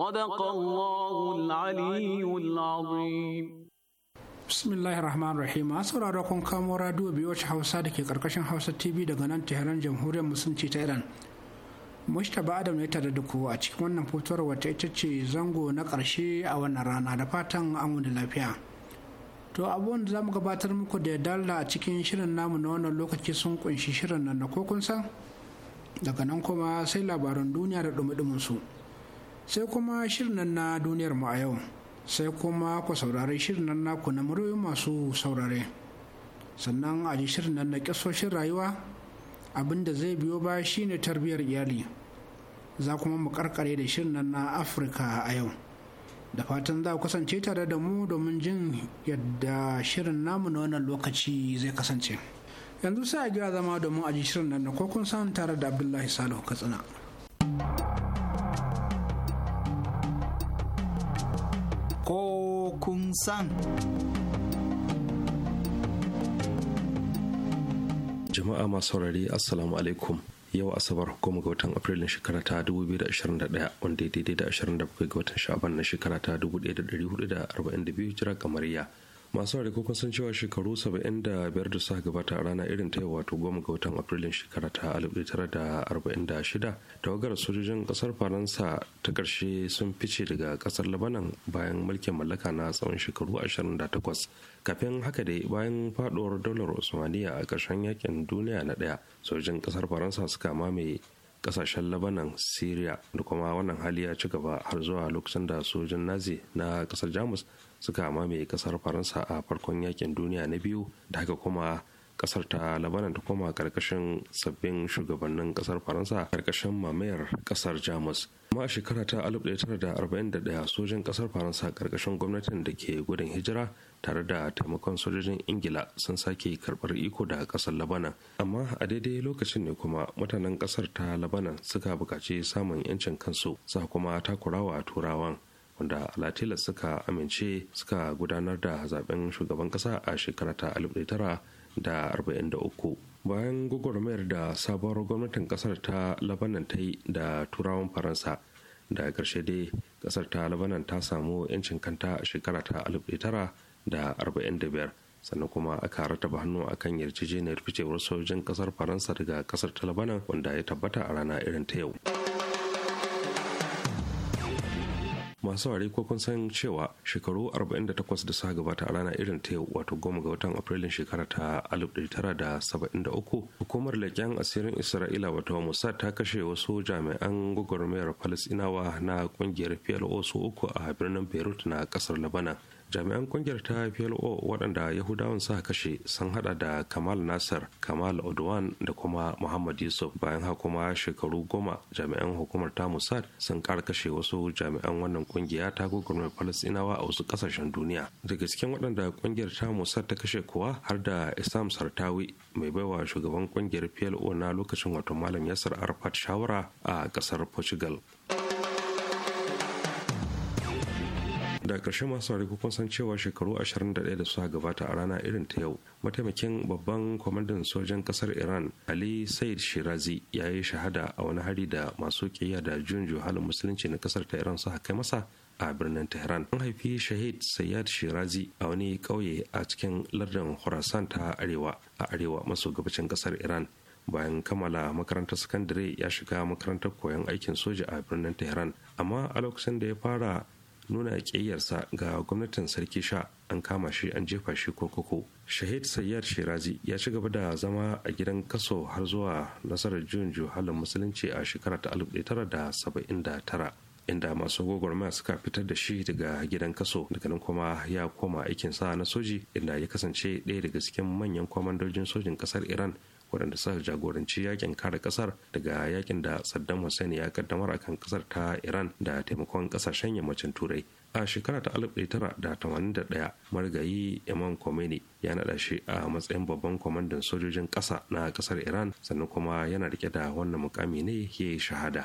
صدق الله العلي العظيم bismillahir rahmanir rahim a sauraro kun kamo radio biyoci hausa da ke karkashin hausa tv daga nan tehran jamhuriyar musulunci ta iran mustapha adam ne tare da ku a cikin wannan fotowar wata ita ce zango na karshe a wannan rana da fatan an da lafiya to abubuwan da za mu gabatar muku da dalla a cikin shirin namu na wannan lokaci sun kunshi shirin nan na ko kun san daga nan kuma sai labaran duniya da dumi su. sai kuma shirin na duniyar mu a yau sai kuma ku saurari shirin nan naku na muryoyin masu saurare sannan a ji shirin nan na kisoshin rayuwa da zai biyo ba shine tarbiyyar iyali za kuma mu karkare da shirin nan na afirka a yau da fatan za ku kasance tare da mu domin jin yadda shirin namu na wannan lokaci zai kasance yanzu sai a gira zama domin a ji shirin nan na kokun san tare da abdullahi salihu katsina. kun san. Jama'a masu saurari Assalamu alaikum. Yau Asabar goma ga watan Afrilun shekara ta 2021 wanda daidai da 27 ga watan Sha'aban na shekara ta 1442 jira kamariya. masu ware kuka san cewa shekaru 75 da suka gabata a rana irin ta yi wato goma ga watan afrilun shekara ta 1946 tawagar sojojin kasar faransa ta karshe sun fice daga kasar labanan bayan mulkin mallaka na tsawon shekaru 28 kafin haka dai bayan faduwar daular osmaniya a karshen yakin duniya na ɗaya sojojin kasar faransa suka mamaye kasashen labanan syria da kuma wannan hali ya ci gaba har zuwa lokacin da sojin nazi na kasar jamus suka mamaye kasar faransa a farkon yakin duniya na biyu da haka kuma kasar ta labanan ta koma karkashin sabbin shugabannin kasar faransa karkashin mamayar kasar jamus amma a shekara ta 1941 sojin kasar faransa karkashin gwamnatin da ke gudun hijira tare da taimakon sojojin ingila sun sake karbar iko da kasar labanan amma a daidai lokacin ne kuma mutanen kasar ta labanan suka buƙaci samun 'yancin kansu sa kuma takurawa turawan wanda alatila suka amince suka gudanar da zaben shugaban kasa a shekara ta 1943 bayan gwagwarmayar da sabuwar gwamnatin kasar ta labanan ta yi da turawan faransa da karshe dai kasar ta labanan ta samu 'yancin kanta a shekara ta 1945 sannan kuma aka rataba hannu a kan yarjejeniyar ficewar sojojin kasar faransa daga kasar ta labanan wanda ya tabbata a rana irin ta yau. masu ware ko kun san cewa shekaru 48 da suka gabata a rana irin ta yau wato goma ga watan afrilun shekara ta 1973 hukumar leƙen asirin isra'ila wato Musa ta kashe wasu jami'an gwagwarmayar falasinawa na ƙungiyar plo su uku a birnin beirut na ƙasar labanan jami'an kungiyar ta plo waɗanda yahudawan sa kashe sun hada da kamal nasir kamal odwan da kuma muhammad yusuf bayan ha kuma shekaru goma jami'an hukumar ta musad sun ƙara kashe wasu jami'an wannan kungiya ta gugurmar falastinawa a wasu ƙasashen duniya daga cikin waɗanda kungiyar ta musad ta kashe kuwa har da islam sartawi mai baiwa shugaban kungiyar plo na lokacin wato malam yasir arafat shawara a ƙasar portugal da ƙarshe masu saurari kun san cewa shekaru 21 da suka gabata a rana irin ta yau mataimakin babban kwamandan sojan ƙasar iran ali said shirazi ya yi shahada a wani hari da masu ƙiyya da junjo halin musulunci na ƙasar ta iran suka kai masa a birnin tehran an haifi shahid sayyad shirazi a wani ƙauye a cikin lardin Khurasan ta arewa a arewa maso gabacin ƙasar iran bayan kammala makarantar sakandare ya shiga makarantar koyon aikin soja a birnin tehran amma a lokacin da ya fara nuna ƙiyarsa ga gwamnatin sarki sha an kama shi an jefa shi kurkuku shahid sayyar shirazi ya ci gaba da zama a gidan kaso har zuwa nasarar juyin juhalin musulunci a shekara ta 1979 inda masu gwagwarmaya suka fitar da shi daga gidan kaso daga nan kuma ya koma aikinsa na soji inda ya kasance ɗaya daga cikin manyan kwamandojin sojin ƙasar iran waɗanda suka jagoranci yakin kare ƙasar daga yakin da saddam hussein ya kaddamar a kan ƙasar ta iran da taimakon ƙasashen yammacin turai a shekara ta 1981 marigayi imam khomeini ya naɗa shi a matsayin babban kwamandan sojojin ƙasa na ƙasar iran sannan kuma yana rike da wannan mukami ne ya yi shahada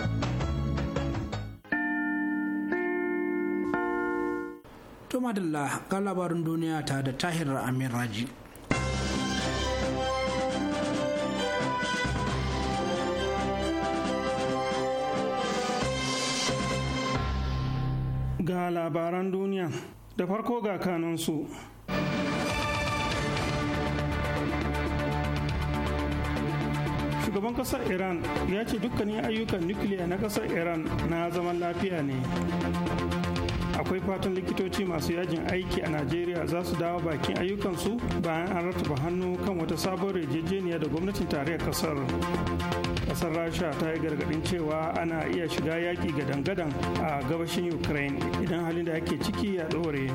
to madalla ga labarin duniya ta da tahir amin raji ga labaran duniya da farko ga kanansu shugaban kasar iran ya ce dukkanin ayyukan nukiliya na kasar iran na zaman lafiya ne akwai fatan likitoci masu yajin aiki a najeriya za su dawo bakin ayyukansu bayan an rataba hannu kan wata sabon yarjejeniya da gwamnatin tarayyar kasar kasar rasha ta yi gargadin cewa ana iya shiga yaki gadan-gadan a gabashin ukraine idan halin da ake ciki ya ɗore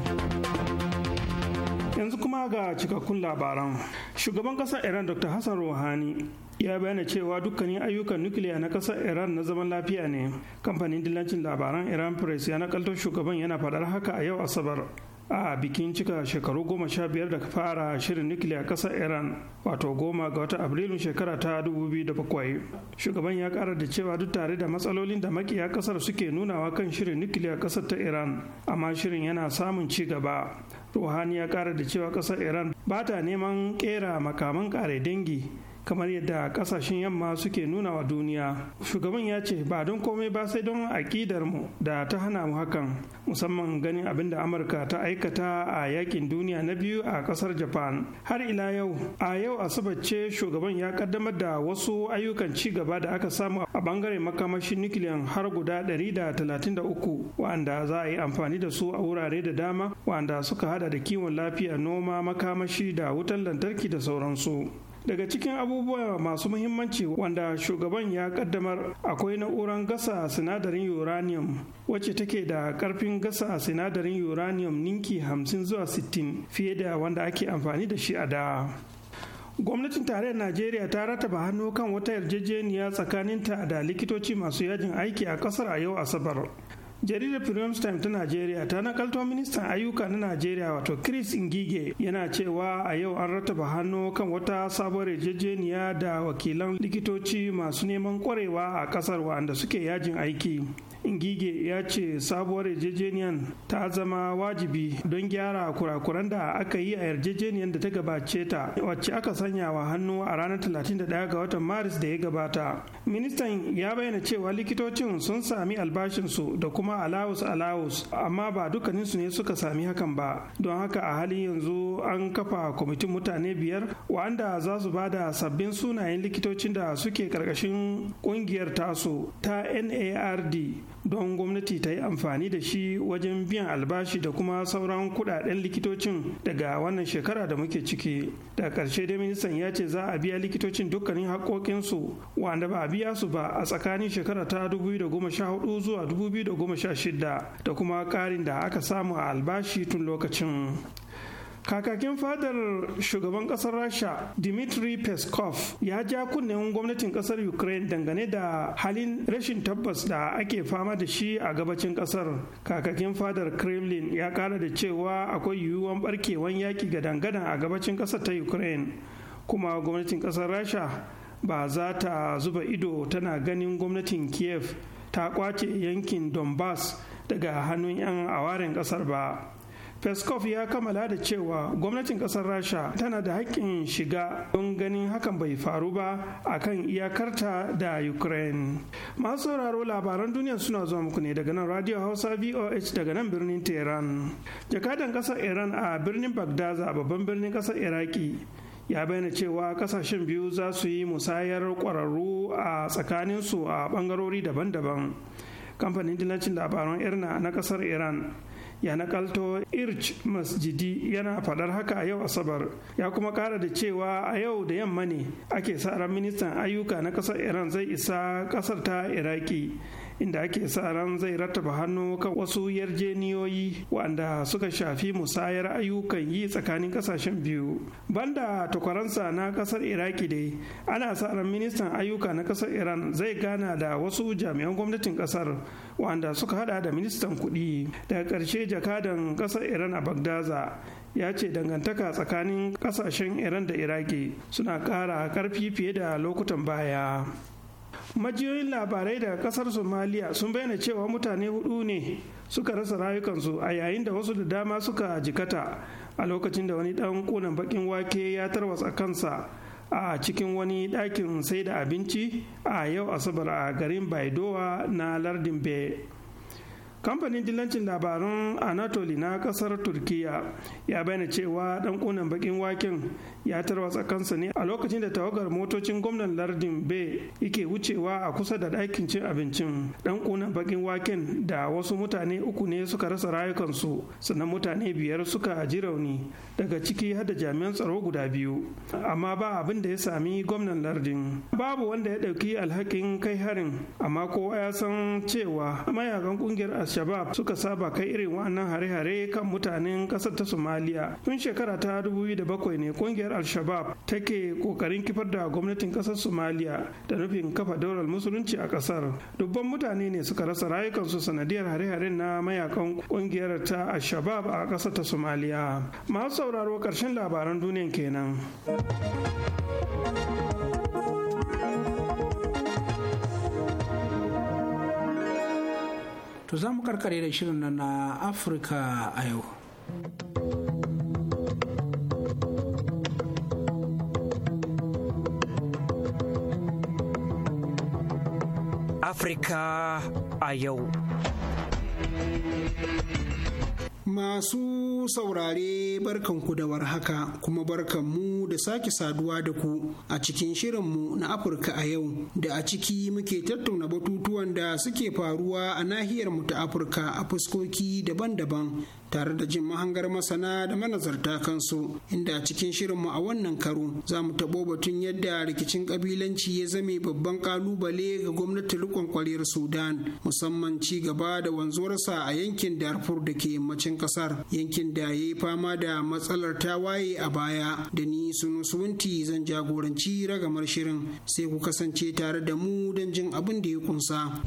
yanzu kuma ga cikakkun labaran shugaban ƙasar iran dr hassan rouhani ya bayyana cewa dukkanin ayyukan nukiliya na ƙasar iran na zaman lafiya ne kamfanin dillancin labaran iran press ya nakaltar shugaban yana faɗar haka a yau asabar a bikin cika shekaru goma sha biyar da fara shirin nukiliya ƙasar iran wato goma ga wata abrilun shekara ta bakwai. shugaban ya ƙara da cewa duk tare da matsalolin da makiya ƙasar suke nunawa kan shirin nukiliya ƙasar ta iran amma shirin yana samun ci gaba ruhani ya ƙara da cewa ƙasar iran ba ta neman ƙera makaman kare dangi kamar yadda kasashen yamma suke nuna wa duniya shugaban ya ce ba don komai ba sai don aƙidar mu da ta hana mu hakan musamman ganin abin da amurka ta aikata a yakin duniya na biyu a kasar japan har ila yau a yau asabar ce shugaban ya kaddamar da wasu ayyukan ci gaba da aka samu a bangaren makamashin nukiliyan har guda 133 wa'anda za a yi amfani da su a wurare da dama wa'anda suka hada da kiwon lafiya noma makamashi da wutar lantarki da sauransu daga cikin abubuwa masu muhimmanci wanda shugaban ya kaddamar akwai na'uran gasa sinadarin uranium wacce take da karfin gasa sinadarin uranium ninki 50 zuwa 60 fiye da wanda ake amfani da shi a da gwamnatin tarayyar najeriya ta rataba hannu kan wata yarjejeniya tsakaninta da likitoci masu yajin aiki a kasar a yau asabar jaridar premiums time ta najeriya ta nakalto ministan ayyuka na najeriya wato chris Ngige yana cewa a yau an rataba hannu kan wata sabuwar yarjejeniya da wakilan likitoci masu neman kwarewa a kasar wa'anda suke yajin aiki ingige ya ce sabuwar yarjejeniyar ta zama wajibi don gyara kurakuran da aka yi a yarjejeniyar da ta gabace ta wacce aka sanya wa hannu a ranar 31 ga watan maris da ya gabata ministan ya bayyana cewa likitocin sun sami albashinsu da kuma alawus alawus amma ba dukkaninsu ne suka sami hakan ba don haka a halin yanzu an kafa kwamitin mutane biyar wanda za su ba da sabbin sunayen likitocin da suke karkashin kungiyar tasu ta nard don gwamnati ta yi amfani da shi wajen biyan albashi da kuma sauran kudaden likitocin daga wannan shekara da muke ciki da karshe dai ministan ya ce za a biya likitocin dukkanin haƙoƙinsu wanda ba a biya su ba a tsakanin shekara ta 2014 zuwa 2016 da kuma ƙarin da aka samu a albashi tun lokacin kakakin fadar shugaban kasar rasha dimitri peskov ya ja kunnen gwamnatin kasar ukraine dangane da halin rashin tabbas da ake fama da shi a gabacin kasar kakakin fadar kremlin ya kara da cewa akwai yiwuwan barkewan yaki ga dangana a gabacin kasar ta ukraine kuma gwamnatin kasar rasha ba za ta zuba ido tana ganin gwamnatin kiev ta kwace yankin donbass daga hannun 'yan awaren kasar ba peskov ya kammala da cewa gwamnatin kasar rasha tana da haƙƙin shiga don ganin hakan bai faru ba a kan iyakarta da ukraine masu sauraro labaran duniya suna zuwa muku ne daga nan radio hausa voh daga nan birnin tehran jakadan kasar iran a birnin bagdaza babban birnin kasar iraki ya bayyana cewa kasashen biyu za su yi musayar kwararru a tsakaninsu a bangarori daban-daban kamfanin dillacin labaran irna na kasar iran ya nakalto irj masjidi yana fadar haka a yau asabar ya kuma kara da cewa a yau da yamma ne ake sa ran ministan ayyuka na kasar iran zai isa kasar ta iraki inda ake sa ran zai rattaba hannu kan wasu yarjeniyoyi wanda suka shafi musayar ayyukan yi tsakanin kasashen biyu banda takwaransa na kasar iraki dai ana sa ran ministan ayyuka na kasar iran zai gana da wasu jami'an gwamnatin kasar wanda suka hada da ministan kudi daga ƙarshe jakadan kasar iran a bagdaza ya ce dangantaka tsakanin kasashen iran da iraki suna ƙara ƙarfi fiye da lokutan baya majiyoyin labarai daga kasar somaliya sun bayyana cewa mutane hudu ne suka rasa rayukansu a yayin da wasu da dama suka jikata a lokacin da wani dan kunan bakin wake ya tarwatsa kansa a cikin wani ɗakin sai da abinci a yau asabar a garin baidowa na lardin bay kamfanin dillancin labarun anatoli na kasar turkiya ya bayyana cewa dan kunan bakin waken ya tarwa kansa ne a lokacin da tawagar motocin gwamnan lardin bay yake wucewa a kusa da ɗakin cin abincin dan kunan bakin waken da wasu mutane uku ne suka rasa rayukansu sannan mutane biyar suka ji rauni daga ciki har da jami'an tsaro guda biyu amma ba abin da ya sami gwamnan lardin babu wanda ya ɗauki alhakin kai harin amma kowa ya san cewa mayakan kungiyar al-shabab suka saba kai irin wannan hare-hare kan mutanen ƙasar ta somaliya tun shekara ta 2007 ne kungiyar al-shabab take kokarin kifar da gwamnatin kasar somaliya da nufin kafa daular musulunci a kasar dubban mutane ne suka rasa rayukansu sanadiyar hare-haren na mayakan kungiyar ta al-shabab a kasar ta somaliya masu sauraro karshen labaran duniyan kenan To za mu karkare da shirin na Afirka a yau. Afirka a yau. Masu saurare barkanku da warhaka kuma barkanmu da sake saduwa da ku a cikin shirinmu na Afirka a yau da a ciki muke tattauna batutuwan da suke faruwa a nahiyar mu ta Afirka a fuskoki daban-daban tare da jin mahangar masana da manazarta kansu inda a cikin shirinmu a wannan karo za mu taɓo batun yadda rikicin ƙabilanci ya zame babban ƙalubale ga gwamnati rikon sudan musamman ci gaba da wanzuwarsa a yankin darfur da ke yammacin ƙasar yankin da ya yi fama da matsalar tawaye a baya da ni sunu suwunti zan jagoranci ragamar shirin sai ku kasance tare da mu don jin abin da ya kunsa.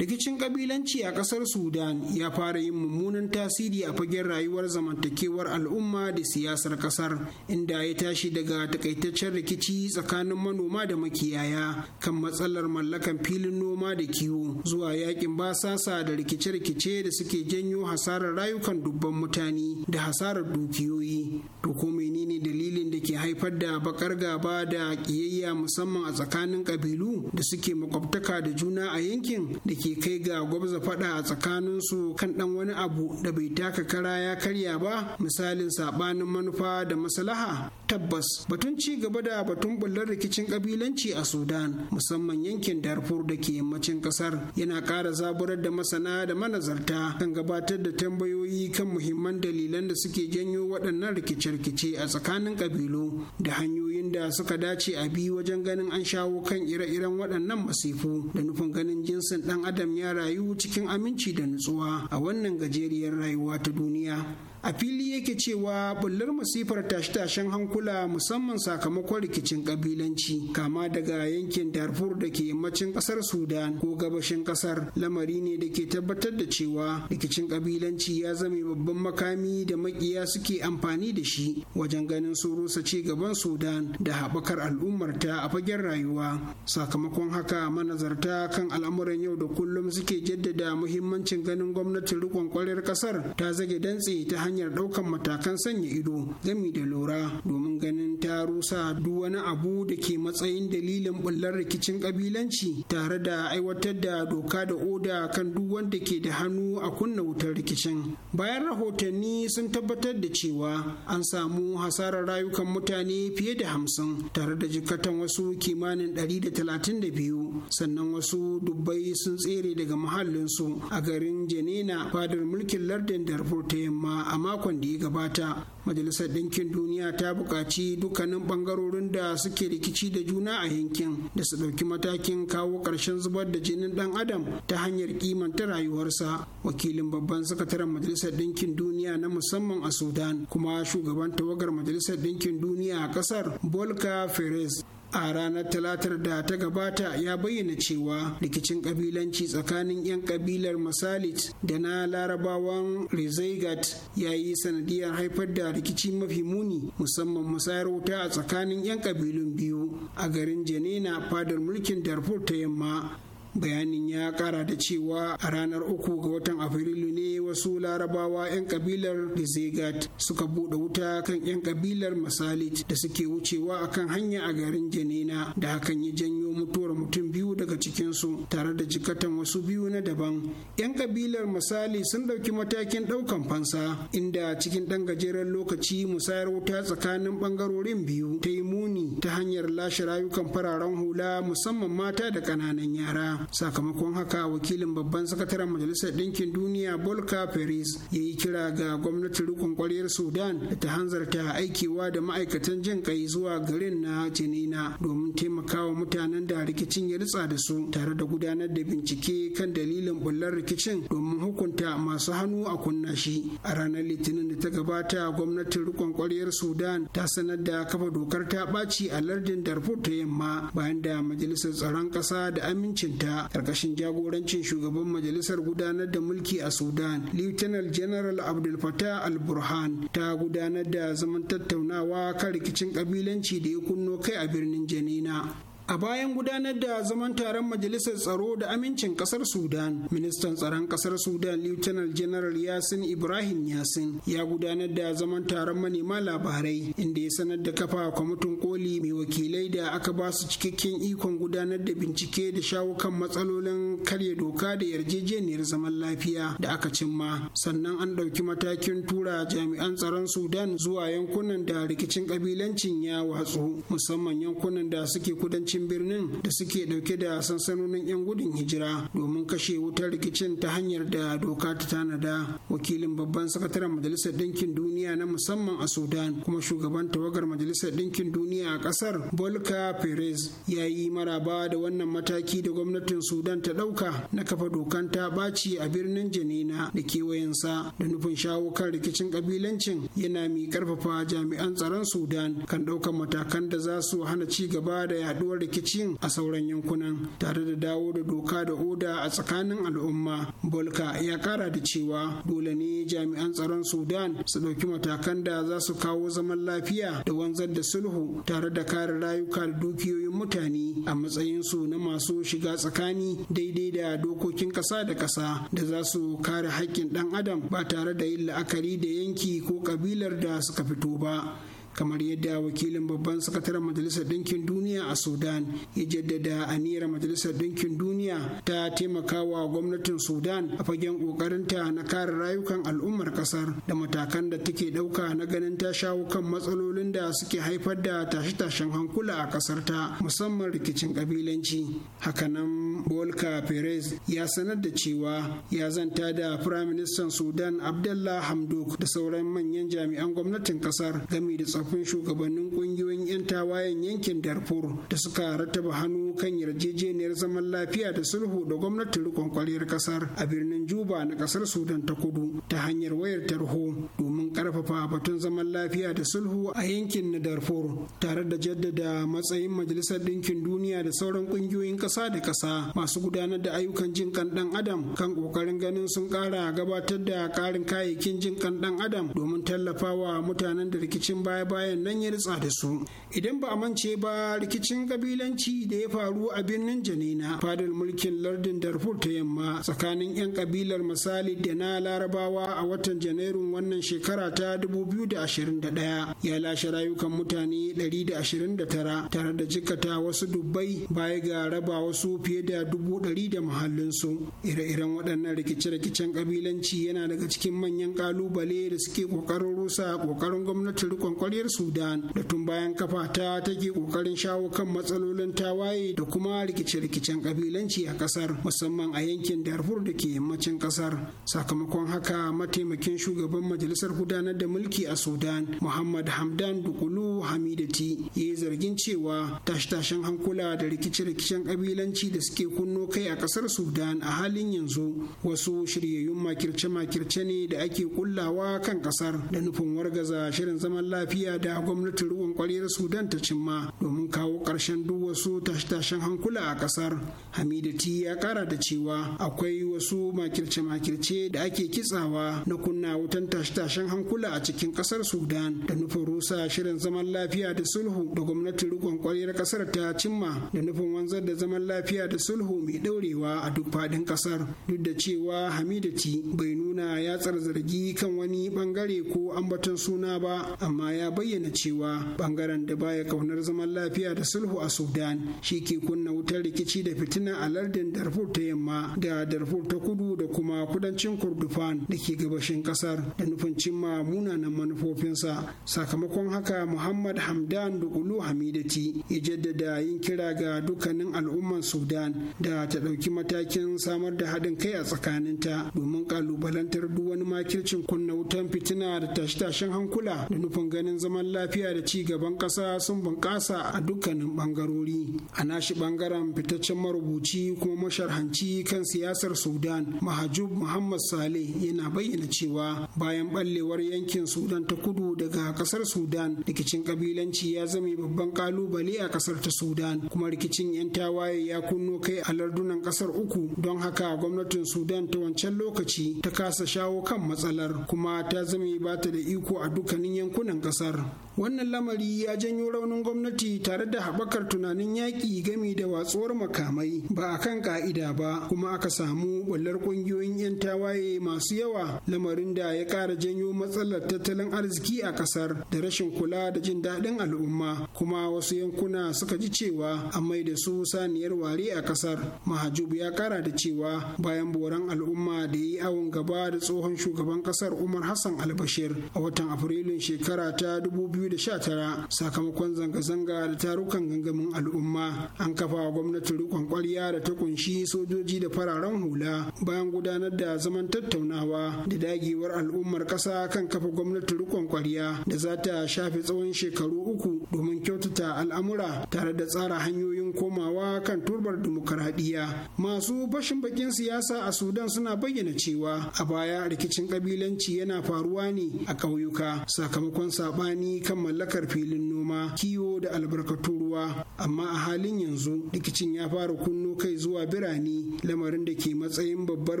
rikicin kabilanci a kasar sudan ya fara yin mummunan tasiri a fagen rayuwar zamantakewar al'umma da siyasar kasar inda ya tashi daga takaitaccen rikici tsakanin manoma da makiyaya kan matsalar mallakan filin noma da kiwo zuwa yakin basasa da rikice-rikice da suke janyo hasarar rayukan dubban mutane da hasarar dukiyoyi to ko menene dalilin da ke haifar da bakar gaba da kiyayya musamman a tsakanin kabilu da suke makwabtaka da juna a yankin da ke kai ga gwabza fada a tsakaninsu kan dan wani abu da bai taka kara ya karya ba misalin saɓanin manufa da masalaha. tabbas batun ci gaba da batun bullar rikicin kabilanci a sudan musamman yankin darfur da ke yammacin kasar yana kara zaburar da masana da manazarta kan gabatar da tambayoyi kan muhimman dalilan da suke janyo waɗannan rikice-rikice a tsakanin kabilu da hanyoyin da suka dace a bi wajen ganin an shawo kan ire-iren waɗannan masifu da nufin ganin jinsin ɗan adam adam ya rayu cikin aminci da nutsuwa a wannan gajeriyar rayuwa ta duniya a fili yake cewa bullar masifar tashe-tashen hankula musamman sakamakon rikicin kabilanci kama daga yankin darfur da ke yammacin kasar sudan ko gabashin kasar lamari ne da ke tabbatar da cewa rikicin kabilanci ya zame babban makami da makiya suke amfani da shi wajen ganin su rusa ci gaban sudan da haɓakar al'ummarta a fagen rayuwa sakamakon haka manazarta kan al'amuran yau da kullum suke jaddada muhimmancin ganin gwamnatin rikon kwarar kasar ta zage dantse ta hanyar hanyar ɗaukan matakan sanya ido gami da lura domin ganin ta rusa duk wani abu da ke matsayin dalilin bullar rikicin kabilanci tare da aiwatar da doka da oda kan duk wanda ke da hannu a kunna wutar rikicin bayan rahotanni sun tabbatar da cewa an samu hasarar rayukan mutane fiye da hamsin tare da jikatan wasu kimanin da da talatin biyu, sannan wasu dubbai sun tsere daga muhallinsu a garin janena fadar mulkin lardin darfur ta yamma a makon da ya gabata majalisar ɗinkin duniya ta buƙaci dukkanin ɓangarorin da suke rikici da juna a yankin da su ɗauki matakin kawo ƙarshen zubar da jinin ɗan adam ta hanyar kimanta rayuwarsa wakilin babban sakataren majalisar ɗinkin duniya na musamman a sudan kuma shugaban tawagar majalisar ɗinkin duniya a ƙasar bolka ferez a ranar talatar da ta gabata ya bayyana cewa rikicin kabilanci tsakanin 'yan kabilar masalit da na larabawan rezaigat ya yi sanadiyar haifar da rikici mafi muni musamman musayar wuta a tsakanin 'yan kabilun biyu a garin janena fadar mulkin darfur ta yamma bayanin ya kara da cewa a ranar uku ga watan afrilu ne wasu larabawa 'yan kabilar zegat suka bude wuta kan 'yan kabilar masalit da suke wucewa akan hanya a garin janena da hakan ya janyo mutuwar mutum biyu daga cikinsu tare da jikatan wasu biyu na daban 'yan kabilar misali sun ɗauki matakin ɗaukan fansa inda cikin ɗan gajeren lokaci musayar wuta tsakanin ɓangarorin biyu ta yi muni ta hanyar lashe rayukan fararen hula musamman mata da ƙananan yara sakamakon haka wakilin babban sakataren majalisar ɗinkin duniya bolka peris ya yi kira ga gwamnatin rikon kwaryar sudan da ta hanzarta aikewa da ma'aikatan jin kai zuwa garin na jinina domin taimakawa mutanen da rikicin ya ritsa da da su tare da gudanar da bincike kan dalilin bullar rikicin domin hukunta masu hannu a kunna shi a ranar litinin da ta gabata gwamnatin rikon kwaryar sudan ta sanar da kafa dokar ta ɓaci a lardin darfur ta yamma bayan da majalisar tsaron ƙasa da amincinta ƙarƙashin jagorancin shugaban majalisar gudanar da mulki a sudan lieutenant general abdul fatah al burhan ta gudanar da zaman tattaunawa kan rikicin kabilanci da ya kunno kai a birnin janina A bayan gudanar da zaman taron Majalisar Tsaro da Amincin Kasar Sudan, Ministan Tsaron Kasar Sudan Lieutenant General Yasin Ibrahim Yasin ya gudanar da zaman taron manema labarai inda ya sanar da kafa kwamitin koli mai wakilai da aka ba su cikakken ikon gudanar da bincike da shawo kan matsalolin karya doka da yarjejeniyar zaman lafiya da aka cimma. Sannan an ɗauki matakin tura jami'an tsaron Sudan zuwa yankunan da rikicin ƙabilancin ya watsu, musamman yankunan da suke kudanci kudancin birnin da suke dauke da sansanonin 'yan gudun hijira domin kashe wutar rikicin ta hanyar da doka ta tanada wakilin babban sakataren majalisar dinkin duniya na musamman a sudan kuma shugaban tawagar majalisar dinkin duniya a kasar bolka perez ya yi maraba da wannan mataki da gwamnatin sudan ta dauka na kafa dokan ta baci a birnin janina da kewayensa da nufin shawo kan rikicin kabilancin yana mai karfafa jami'an tsaron sudan kan daukan matakan da za su hana ci gaba da yaduwar rikicin a sauran yankunan tare da dawo da doka da oda a tsakanin al'umma bolka ya kara da cewa dole ne jami'an tsaron sudan su ɗauki matakan da za su kawo zaman lafiya da wanzar da sulhu tare da kare rayuka da dukiyoyin mutane a matsayinsu na masu shiga tsakani daidai da dokokin ƙasa da ƙasa da za su kare haƙƙin ɗan adam ba tare da yin la'akari da yanki ko ƙabilar da suka fito ba kamar yadda wakilin babban sakataren majalisar ɗinkin duniya a sudan ya jaddada aniyar majalisar ɗinkin duniya ta taimakawa gwamnatin sudan a fagen ƙoƙarinta na kare rayukan al'ummar ƙasar da matakan da take ɗauka na ganin ta shawo kan matsalolin da suke haifar da tashe-tashen hankula a ƙasar ta musamman rikicin ƙabilanci hakanan bolka perez ya sanar da cewa ya zanta da firaministan sudan abdallah hamdok da sauran manyan jami'an gwamnatin ƙasar game da kafin shugabannin kungiyoyin 'yan tawayen yankin darfur da suka rataba hannu kan yarjejeniyar zaman lafiya da sulhu da gwamnatin rikon kwaliyar kasar a birnin juba na kasar sudan ta kudu ta hanyar wayar tarho domin karfafa batun zaman lafiya da sulhu a yankin na darfur tare da jaddada matsayin majalisar ɗinkin duniya da sauran kungiyoyin ƙasa da ƙasa masu gudanar da ayyukan jin kan ɗan adam kan ƙoƙarin ganin sun ƙara gabatar da ƙarin kayayyakin jin kan ɗan adam domin tallafawa mutanen da rikicin baya bayan nan ya ritsa da su idan ba a mance ba rikicin kabilanci da ya faru a birnin janina fadar mulkin lardin darfur ta yamma tsakanin 'yan kabilar misali da na larabawa a watan janairun wannan shekara ta 2021 ya lashe rayukan mutane 129 tare da jikata wasu dubbai baya ga raba wasu fiye da dubu ɗari da muhallinsu ire-iren waɗannan rikice-rikicen kabilanci yana daga cikin manyan ƙalubale da suke ƙoƙarin rusa ƙoƙarin gwamnatin riƙon kasar sudan da tun bayan kafa ta take kokarin shawo kan matsalolin tawaye da kuma rikice-rikicen kabilanci a kasar musamman a yankin darfur da ke yammacin kasar sakamakon haka mataimakin shugaban majalisar gudanar da mulki a sudan muhammad hamdan dukulu hamidati ya yi zargin cewa tashe-tashen hankula da rikice-rikicen kabilanci da suke kunno kai a kasar sudan a halin yanzu wasu shiryayyun makirce-makirce ne da ake kullawa kan kasar da nufin wargaza shirin zaman lafiya da gwamnatin ruwan kwaryar sudan ta cimma domin kawo ƙarshen duk wasu tashe-tashen hankula a ƙasar hamidati ya ƙara da cewa akwai wasu makirce-makirce da ake kitsawa na kunna wutan tashe-tashen hankula a cikin ƙasar sudan da nufin rusa shirin zaman lafiya da sulhu da gwamnatin rikon kwaryar ƙasar ta cimma da nufin wanzar da zaman lafiya da sulhu mai ɗaurewa a duk faɗin ƙasar duk da cewa hamidati bai nuna ya yatsar zargi kan wani ɓangare ko ambaton suna ba amma ya bayyana cewa bangaren da baya kaunar zaman lafiya da sulhu a Sudan shi ke kunna wutar rikici da fitina a lardin Darfur ta yamma da Darfur ta kudu da kuma kudancin Kurdufan da ke gabashin kasar da nufin cimma munanan manufofinsa sakamakon haka Muhammad Hamdan Dukulu Hamidati ya jaddada yin kira ga dukkanin al'umman Sudan da ta ɗauki matakin samar da haɗin kai a tsakaninta domin ƙalubalantar duk wani makircin kunna wutan fitina da tashe-tashen hankula da nufin ganin zaman lafiya da ci gaban ƙasa sun bunƙasa a dukkanin ɓangarori. A nashi ɓangaren fitaccen marubuci kuma masharhanci kan siyasar Sudan Mahajub Muhammad Saleh yana bayyana cewa bayan ɓallewar yankin Sudan ta kudu daga ƙasar Sudan rikicin ƙabilanci ya zame babban ƙalubale a ƙasar ta Sudan kuma rikicin 'yan tawaye ya kunno kai a lardunan ƙasar uku don haka gwamnatin Sudan ta wancan lokaci ta kasa shawo kan matsalar kuma ta zame bata da iko a dukkanin yankunan ƙasar Gracias. wannan lamari ya janyo raunin gwamnati tare da haɓakar tunanin yaƙi gami, da watsuwar makamai ba a kan ƙa'ida ba kuma aka samu ɓullar ƙungiyoyin 'yan tawaye masu yawa lamarin da ya ƙara janyo matsalar tattalin arziki a ƙasar da rashin kula da jin daɗin al'umma kuma wasu yankuna suka ji cewa an mai da su saniyar ware a ƙasar mahajub ya ƙara da cewa bayan boran al'umma da ya yi awon gaba da tsohon shugaban ƙasar umar hassan albashir a watan afrilun shekara ta dubu biyu 2019 sakamakon zanga-zanga da tarukan gangamin al'umma an kafa wa gwamnatin rikon kwarya da ta kunshi sojoji da fararen hula bayan gudanar da zaman tattaunawa da dagewar al'ummar ƙasa kan kafa gwamnatin rikon kwarya da za ta shafe tsawon shekaru uku domin kyautata al'amura tare da tsara hanyoyin komawa kan turbar dimokuraɗiyya masu bashin bakin siyasa a sudan suna bayyana cewa a baya rikicin ƙabilanci yana faruwa ne a ƙauyuka sakamakon saɓani kan kan mallakar filin noma kiwo da albarkatun ruwa amma a halin yanzu rikicin ya fara kunno kai zuwa birane lamarin da ke matsayin babbar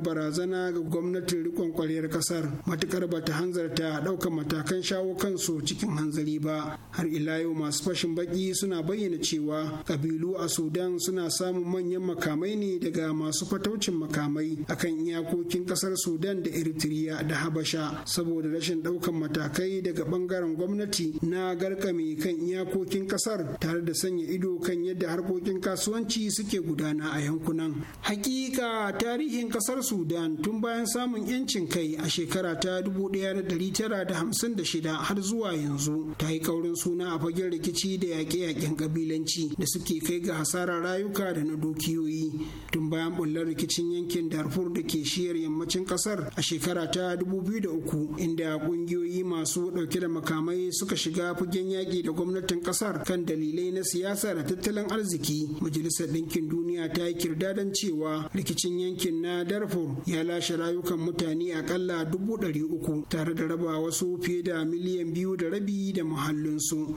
barazana ga gwamnatin rikon kwaryar kasar matukar ta hanzarta ɗaukar matakan shawo kansu cikin hanzari ba har ila yau masu fashin baki suna bayyana cewa kabilu a sudan suna samun manyan makamai ne daga masu fataucin makamai akan iyakokin kasar sudan da eritrea da habasha saboda rashin ɗaukan matakai daga ɓangaren gwamnati na garkame kan iyakokin kasar tare da sanya ido kan yadda harkokin kasuwanci suke gudana a yankunan hakika tarihin kasar sudan tun bayan samun yancin kai a shekara ta 1956 har zuwa yanzu ta yi kaurin suna a fagen rikici da yaƙe-yaƙen kabilanci da suke kai ga hasarar rayuka da na dukiyoyi tun bayan bullar rikicin yankin darfur da ke shiyar yammacin kasar a shekara ta 2003 inda ƙungiyoyi masu ɗauke da makamai suka shiga shiga fagen yaƙi da gwamnatin ƙasar kan dalilai na siyasa da tattalin arziki majalisar ɗinkin duniya ta yi kirdadan cewa rikicin yankin na darfur ya lashe rayukan mutane akalla dubu ɗari uku tare da raba wasu fiye da miliyan biyu da rabi da muhallinsu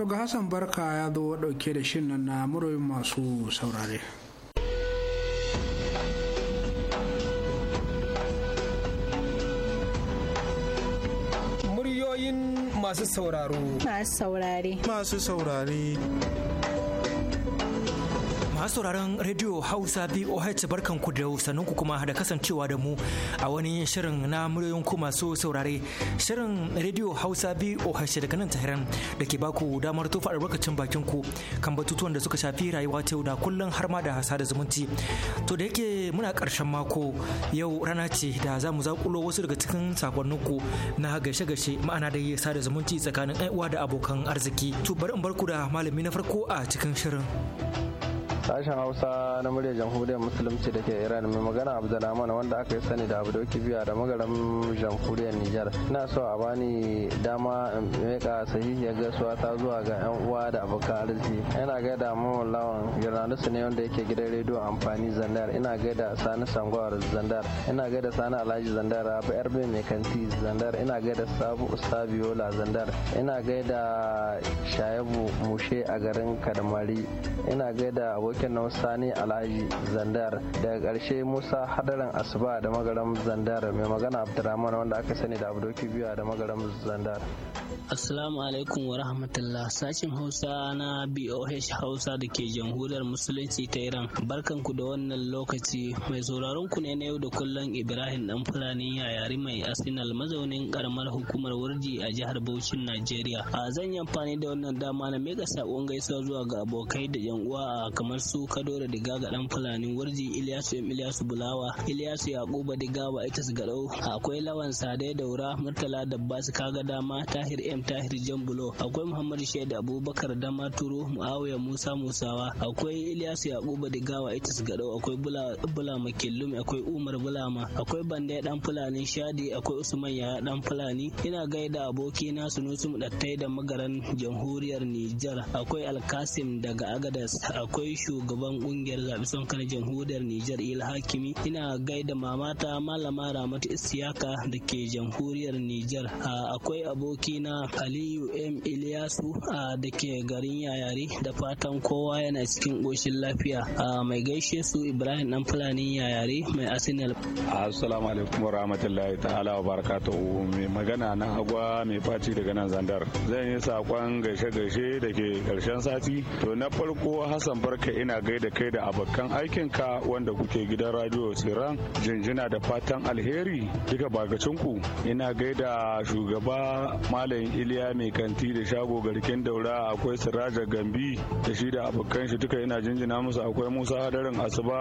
to ga hassan barka ya zo dauke da shin nan na murayin masu saurare muryoyin masu sauraro masu saurare masu saurare Masu sauraron Radio Hausa BOH ku da ku kuma da kasancewa da mu a wani shirin na muryoyin ku masu saurare. Shirin Radio Hausa BOH daga nan Tahiran da ke baku damar tofa albarkacin bakin ku kan batutuwan da suka shafi rayuwa ta yau da kullum har ma da hasa da zumunci. To da yake muna karshen mako yau rana ce da za mu zakulo wasu daga cikin sakonnin ku na gashe-gashe ma'ana da yi sada zumunci tsakanin uwa da abokan arziki. To bari in barku da malami na farko a cikin shirin. sashen hausa na muryar jamhuriyar musulunci da ke iran mai magana abdulrahman wanda aka yi sani da abu da biya da magaram jamhuriyar nijar ina so a bani dama in meka sahihiyar gasuwa ta zuwa ga yan uwa da abokan arziki ina gaida mamman lawan jurnalist ne wanda yake gidan rediyo amfani zandar ina gaida sani sangwar zandar ina gaida sani alhaji zandar rabu bai mai kanti zandar ina gaida sabu ustabiola zandar ina gaida shayabu mushe a garin kadamari ina gaida aboki kinau sani alhaji zandar daga ƙarshe musa hadarin asuba da magaram zandar mai magana abdurrahman wanda aka sani da abdoki biyu da magaram zandar assalamu alaikum wa rahmatullah sashin hausa na boh hausa da ke jamhuriyar musulunci ta iran barkanku da wannan lokaci mai sauraron ku ne na yau da kullum ibrahim dan fulani ya yari mai arsenal mazaunin karamar hukumar wurji a jihar bauchin najeriya a zan yi amfani da wannan dama na mega sakon gaisuwa zuwa ga abokai da yan uwa a kamar Ilyasu Kadora da ga dan Fulani Warji Ilyasu 'yan Ilyasu Bulawa Ilyasu Yakuba da gawa ita su gadau akwai Lawan Sadai Daura Murtala da basu Kaga Dama Tahir M Tahir Jambulo akwai Muhammad Shaida Abubakar Dama Turo Muawiya Musa Musawa akwai Ilyasu Yakuba da gawa ita su gadau akwai Bula Bula Makillum akwai Umar Bulama akwai Bande dan Fulani Shadi akwai Usman Yaya dan Fulani ina gaida aboki na Sunusi Mudattai da magaran jamhuriyar Nijar akwai Alkasim daga Agadas akwai shugaban kungiyar zaɓi son kan jamhuriyar Nijar il hakimi ina gaida mamata malama Ramatu Isiyaka da ke jamhuriyar Nijar akwai abokina Aliyu M Ilyasu da ke garin Yayari da fatan kowa yana cikin ƙoshin lafiya mai gaishe su Ibrahim dan Fulani Yayari mai Arsenal Assalamu alaikum warahmatullahi ta'ala wa barakatuhu mai magana na hagwa mai faci daga nan Zandar zan yi sakon gaishe-gaishe da ke karshen sati to na farko Hassan Barka ina gaida kai da abokan aikinka wanda kuke gidan radio tsiran jinjina da fatan alheri duka bagacinku ina gaida shugaba malam iliya mai kanti da shago garkin daura akwai siraja gambi da shi da abokan shi duka ina jinjina musu akwai musa hadarin asuba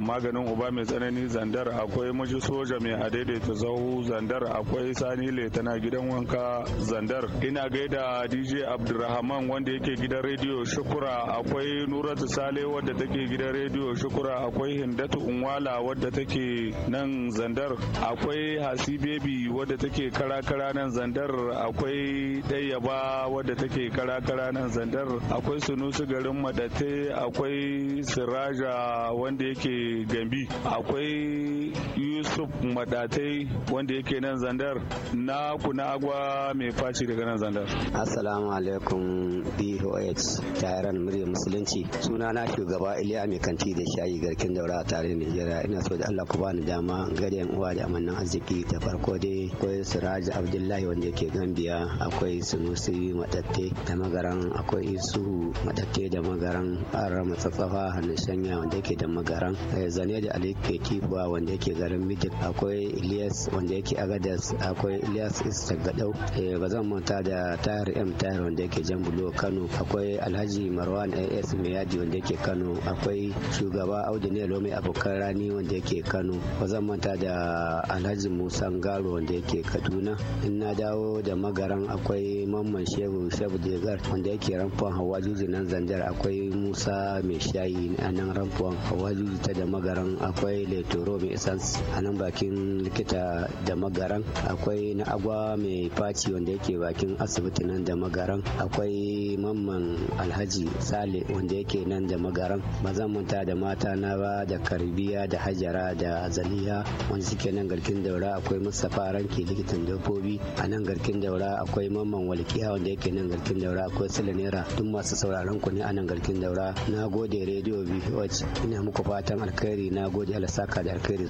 maganin uba mai tsanani zandar akwai maji soja mai adaidaita zahu zandar akwai sani letana gidan wanka zandar ina gaida dj abdulrahman wanda yake gidan rediyo shukura akwai nuratu sani Sale wadda take gidan rediyo Shukura akwai Hindatu Unwala wadda take nan Zandar akwai Hasi Baby wadda take kara kara nan Zandar akwai Dayyaba wadda take kara kara nan Zandar akwai Sunusu garin Madate akwai Siraja wanda yake Gambi akwai Yusuf Madate wanda yake nan Zandar na kuna agwa mai faci daga nan Zandar Assalamu alaikum BOX tayaran murya musulunci sunana na shugaba Iliya mai kanti da shayi garkin daura a tare Nijeriya ina so da Allah ku bani dama gare yan uwa da amannan arziki da farko dai akwai Siraj Abdullahi wanda yake Gambia akwai Sunusi Matatte da magaran akwai Isu Matatte da magaran Arra Matsatsafa Hannun Shanya wanda yake da magaran eh, Zane da Ali kifuwa wanda yake garin Midik akwai Ilyas wanda yake Agadas akwai Ilyas Istagadau eh, ba zan manta da tayar M tayar wanda yake bulo Kano akwai Alhaji Marwan AS Miyadi wanda yake yake kano akwai shugaba audu ne lome abokan rani wanda yake kano ba zan manta da alhaji musa ngaro wanda yake kaduna in na dawo da magaran akwai mamman shehu shehu degar wanda yake ramfon hawa juji nan zanjar akwai musa mai shayi a nan ramfon hawa juji ta da magaran akwai leto mai essence a nan bakin likita da magaran akwai na agwa mai faci wanda yake bakin asibiti nan da magaran akwai mamman alhaji sale wanda yake nan da magaran ba zan manta da mata na ba da karbiya da hajara da azaliya wanda suke nan garkin daura akwai mustapha ranke likitan dabbobi a nan garkin daura akwai mamman walkiya wanda yake nan garkin daura akwai sila naira duk masu sauraron ku ne a nan garkin daura na gode rediyo bh ina muku fatan alkhairi na gode alasaka da alkhairi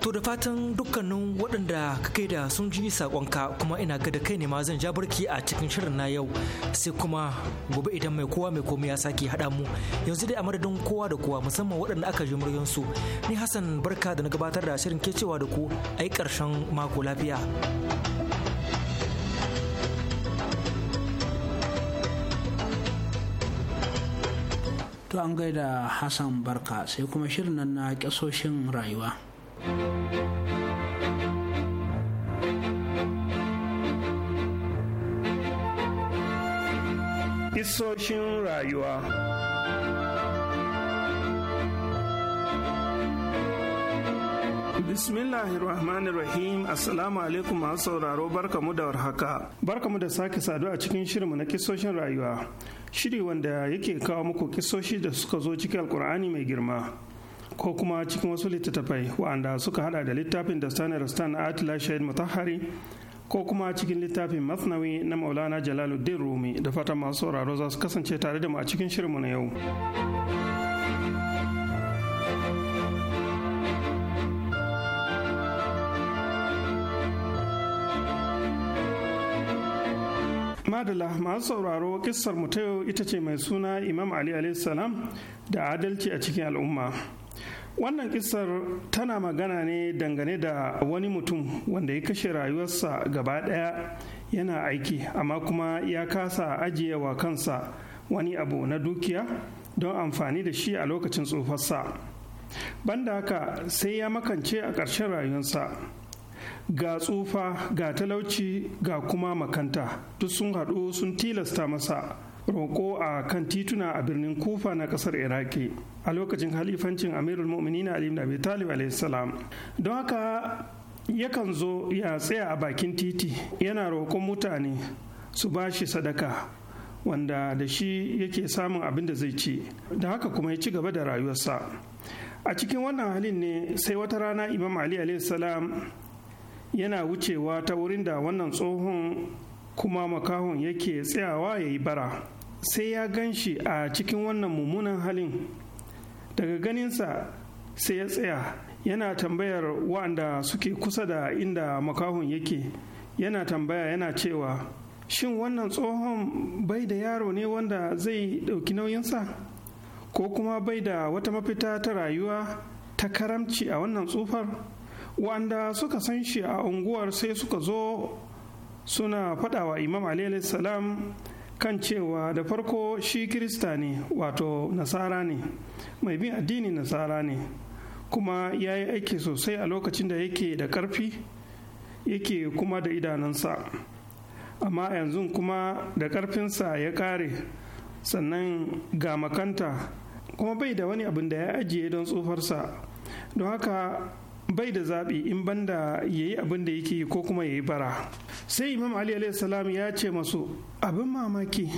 to da fatan dukkanin waɗanda kai da sun ji saƙonka kuma ina ga da kai ne ma zan ja barki a cikin shirin na yau sai kuma gobe idan mai kowa mai komai ya sake haɗa mu yanzu dai a madadin kowa da kowa musamman waɗanda aka ji muryansu ni hassan barka da na gabatar da shirin cewa da ku a yi ƙarshen mako lafiya to an gaida hassan barka sai kuma shirin nan na ƙasoshin rayuwa isoshin rayuwa Bismillahirrahmanirrahim Assalamu alaikum masu sauraro barkamu da warhaka. mu da sake saduwa a cikin shirinmu na kisoshin rayuwa. Shiri wanda yake kawo muku kisoshi da suka zo cikin Alkur'ani mai girma. Ko kuma cikin wasu littattafai wa'anda suka hada da littafin da Stanley Rastan Atila Shahid Mutahari ko kuma cikin littafin Masnawi na Maulana Jalaluddin Rumi da fatan masu sauraro za su kasance tare da mu a cikin shirinmu na yau. madala masu sauraro kissar mu ta yau ita ce mai suna imam ali salam da adalci a cikin al'umma wannan kissar tana magana ne dangane da wani mutum wanda ya kashe rayuwarsa gaba daya yana aiki amma kuma ya kasa ajiyewa kansa wani abu na dukiya don amfani da shi a lokacin tsofarsa banda haka sai ya makance a ƙarshen rayuwarsa ga tsufa ga talauci ga kuma makanta duk sun haɗu sun tilasta masa roƙo a kan tituna a birnin kufa na ƙasar iraki a lokacin halifancin amirul mu'minin ali ibn abi talib don haka yakan zo ya tsaya a bakin titi yana roƙon mutane su ba shi sadaka wanda da shi yake samun abin da zai ci da haka kuma ya ci gaba da rayuwarsa a cikin wannan halin ne sai wata rana imam ali salam yana wucewa ta wurin da wannan tsohon kuma makahon yake tsayawa ya yi bara sai ya gan shi a cikin wannan mummunan halin daga ganinsa sai ya tsaya yana tambayar wa'anda suke kusa da inda makahon yake yana tambaya yana cewa shin wannan tsohon bai da yaro ne wanda zai ɗauki nauyinsa ko kuma bai da wata mafita ta rayuwa ta karamci a wannan tsufar wanda suka san shi a unguwar sai suka zo suna faɗawa imam salam kan cewa da farko shi kirista ne wato nasara ne mai bin addini nasara ne kuma ya yi aiki sosai a lokacin da yake da ƙarfi yake kuma da idanunsa amma yanzu kuma da ƙarfinsa ya kare, sannan ga makanta kuma bai da wani abin da ya ajiye don tsofarsa, don haka bai da zaɓi in banda ya yi abin da yake ko kuma ya yi bara sai imam ali salam ya ce masu abin mamaki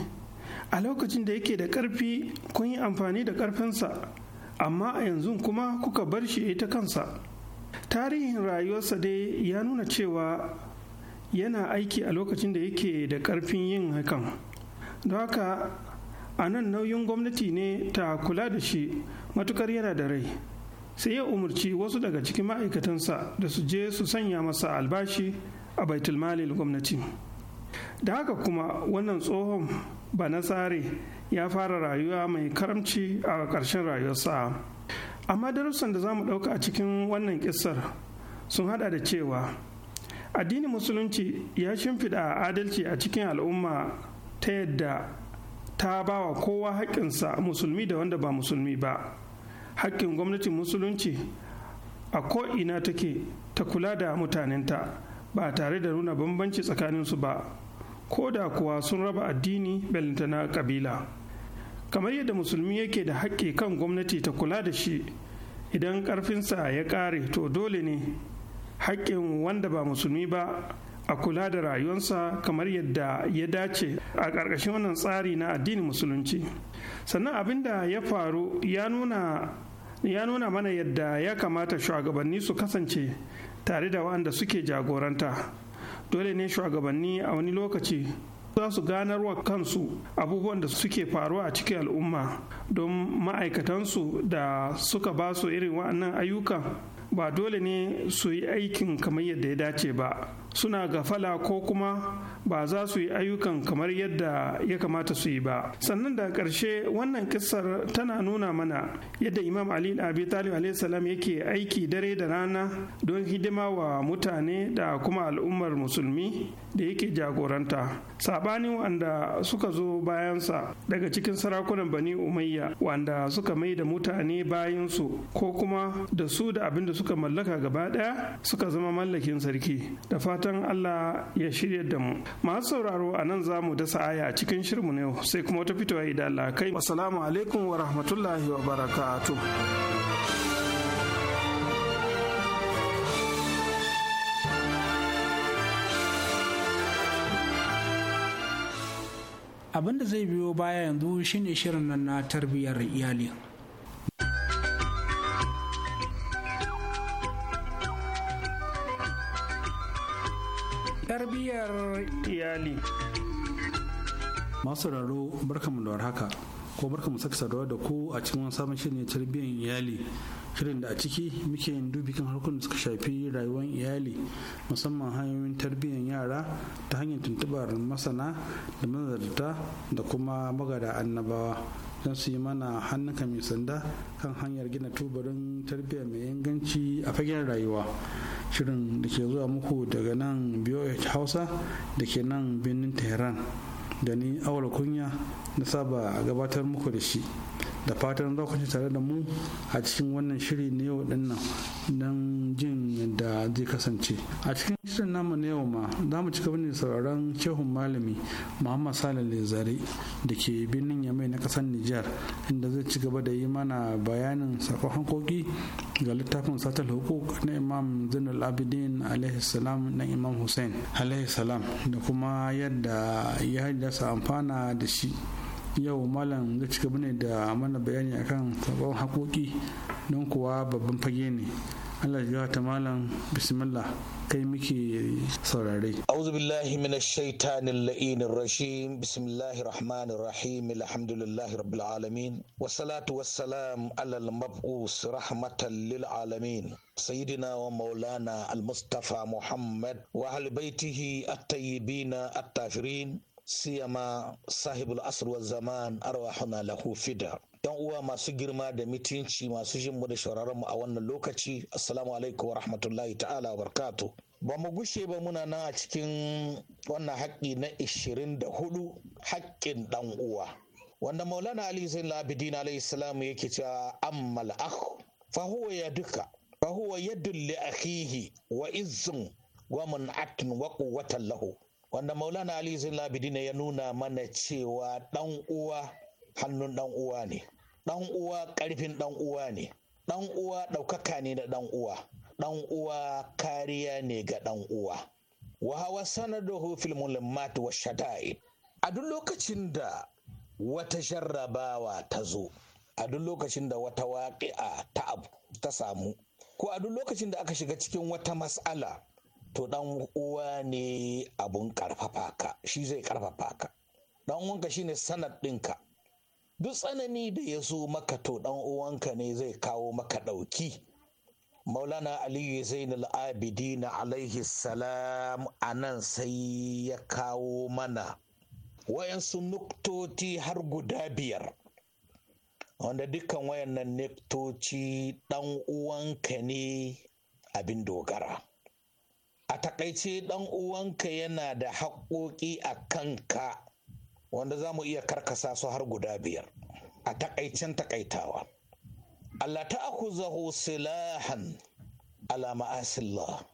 a lokacin da yake da ƙarfi kun yi amfani da ƙarfinsa amma a yanzu kuma kuka bar shi ta kansa tarihin rayuwarsa dai ya nuna cewa yana aiki a lokacin da yake da ƙarfin yin hakan don haka a nan nauyin gwamnati ne ta kula da shi matukar yana da rai sai ya umarci wasu daga cikin ma'aikatansa da su je su sanya masa albashi a baitulmalil gwamnati da haka kuma wannan tsohon ba na tsare ya fara rayuwa mai karamci a ƙarshen rayuwarsa amma darussan da za mu ɗauka a cikin wannan ƙisar sun hada da cewa addinin musulunci ya shimfiɗa adalci a cikin al'umma ta yadda ta ba wa kowa haƙƙinsa musulmi da wanda ba musulmi ba hakkin gwamnatin musulunci a ko'ina take ta kula da mutanenta ba tare da nuna bambanci tsakaninsu ba ko da kuwa sun raba addini na kabila kamar yadda musulmi yake da haƙƙi kan gwamnati ta kula da shi idan ƙarfinsa ya ƙare to dole ne haƙƙin wanda ba musulmi ba a kula da rayuwarsa kamar yadda ya dace a ƙarƙashin wannan tsari na addinin musulunci sannan abin da ya faru ya nuna ya nuna mana yadda ya kamata shugabanni su kasance tare da waɗanda suke jagoranta dole ne shugabanni a wani lokaci za su ganarwa kansu abubuwan da suke faruwa a cikin al'umma don ma'aikatansu da suka ba su irin waɗannan ayyuka ba dole ne su yi aikin kamar yadda ya dace ba suna gafala ko kuma ba za su yi ayyukan kamar yadda ya kamata su yi ba sannan da ƙarshe wannan kissar tana nuna mana yadda imam ali abi talib salam yake aiki dare da rana don hidima wa mutane da kuma al'ummar musulmi da yake jagoranta sabani wanda suka zo bayansa daga cikin sarakunan bani umayya wanda suka mai da mutane bayansu ko kuma da su da abin da suka mallaka gaba daya suka zama mallakin sarki da fata fatan Allah ya shirya da mu masu sauraro a nan za mu dasa aya a cikin shirmu na yau sai kuma wata fitowa idan Allah kai assalamu alaikum wa rahmatullahi wa barakatu. abin da zai biyo baya yanzu shine shirin nan na tarbiyyar iyali tarbiyyar iyali. Masu raro barkamu da warhaka ko mu saka saduwa da ku a cikin wani sabon shirin tarbiyyar iyali shirin da a ciki muke yin dubi kan harkokin da suka shafi rayuwar iyali musamman hanyoyin tarbiyyar yara ta hanyar tuntubar masana da manzarta da kuma magada annabawa kan su yi mana hannuka mai sanda kan hanyar gina tubarin tarbiyya mai inganci a fagen rayuwa shirin da ke zuwa muku daga nan biyoyi hausa da ke nan birnin tehran da ni awal kunya na saba gabatar muku da shi da fatan za ku ci tare da mu a cikin wannan shiri na yau dinnan don jin da zai kasance a cikin shirin namu na yau ma za mu ci gaba ne sauraron shehun malami muhammad salih zare da ke birnin yamai na kasar nijar inda zai ci gaba da yi mana bayanin sakon hankoki ga littafin satar hukuk na imam zainul abidin alaihi salam na imam hussein alaihi salam da kuma yadda ya haddasa amfana da shi yau malam zai ci gaba ne da mana bayani akan sabon haƙoƙi don kuwa babban fage ne Allah ya ta malam bismillah kai muke saurare. Auzu billahi minash shaitanir la'inir rajim bismillahir rahmanir rahim alhamdulillahi rabbil alamin wassalatu wassalam alal mab'us rahmatan lil alamin سيدنا ومولانا المصطفى محمد وأهل بيته الطيبين الطاهرين siyama sahibul asr zaman arwahuna lahu fida yan uwa masu girma da mitinci masu jin mu da a wannan lokaci assalamu alaikum wa rahmatullahi ta'ala wa ba mu gushe ba muna nan a cikin wannan haƙƙi na 24 haƙƙin ɗan uwa wanda maulana ali zain labidin alayhi salam yake cewa ammal akh fa huwa yaduka fa huwa yadul li akhihi wa izzun wa atn wa quwwatan lahu wanda maulana ali zin ya nuna mana cewa dan uwa hannun dan uwa ne Dan uwa karfin dan uwa ne Dan uwa ɗaukaka ne da dan uwa Dan uwa kariya ne ga dan uwa wa hawa sanadahu fil mulimmat wa shada'id a duk lokacin da wata sharrabawa ta zo a duk lokacin da wata waƙi'a ta abu ta samu ko a duk lokacin da aka shiga cikin wata mas'ala to dan uwa ne abun karfafa ka shi zai karfafa ka dan uwanka shine sanad ɗinka duk tsanani da ya zo maka to dan uwanka ne zai kawo maka ɗauki maulana aliyu zainul abidin alaihi salam a nan sai ya kawo mana wayansu nuktoti har guda biyar wanda dukkan wayannan nuktoci dan uwanka ne abin dogara a takaice dan uwanka yana da haƙoƙi a kanka wanda za mu iya karkasa su har guda biyar a takaicen takaitawa Allah ta aku zahu silahan ala ma'asillah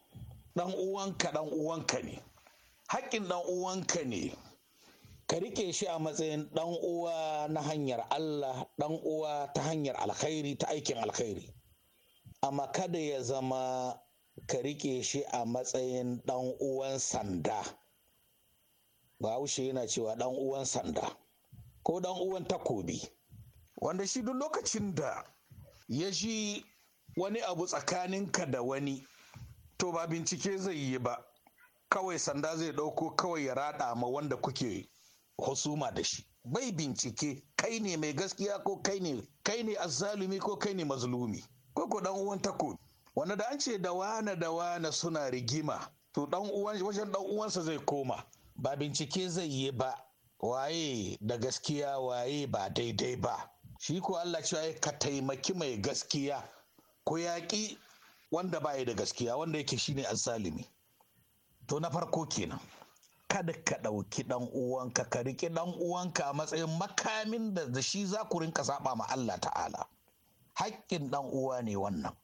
dan uwanka dan uwanka ne haƙƙin dan uwanka ne ka rike shi a matsayin dan uwa na hanyar Allah dan uwa ta hanyar alkhairi ta aikin alkhairi amma kada ya zama ka rike shi a matsayin ɗan uwan sanda bahaushe yana cewa ɗan uwan sanda ko ɗan uwan takobi wanda shi duk lokacin da ya ji wani abu tsakaninka da wani to ba bincike zai yi ba kawai sanda zai ɗauko kawai ya raɗa ma wanda kuke husuma da shi bai bincike kai ne mai gaskiya ko kai ne kai azzalumi ko kai ne mazlumi ko ko dan uwan takobi wanda da an ce da wane da wane suna rigima to dan uwan wajen dan uwansa zai koma ba bincike zai yi ba waye da gaskiya waye ba daidai ba shi ko Allah cewa ka taimaki mai gaskiya ko yaƙi wanda ba da gaskiya wanda yake shine azzalimi to na farko kenan kada ka ɗauki ɗan uwanka ka riƙi ɗan uwanka a matsayin makamin da da shi za ku rinka saba ma Allah ta'ala haƙƙin ɗan uwa ne wannan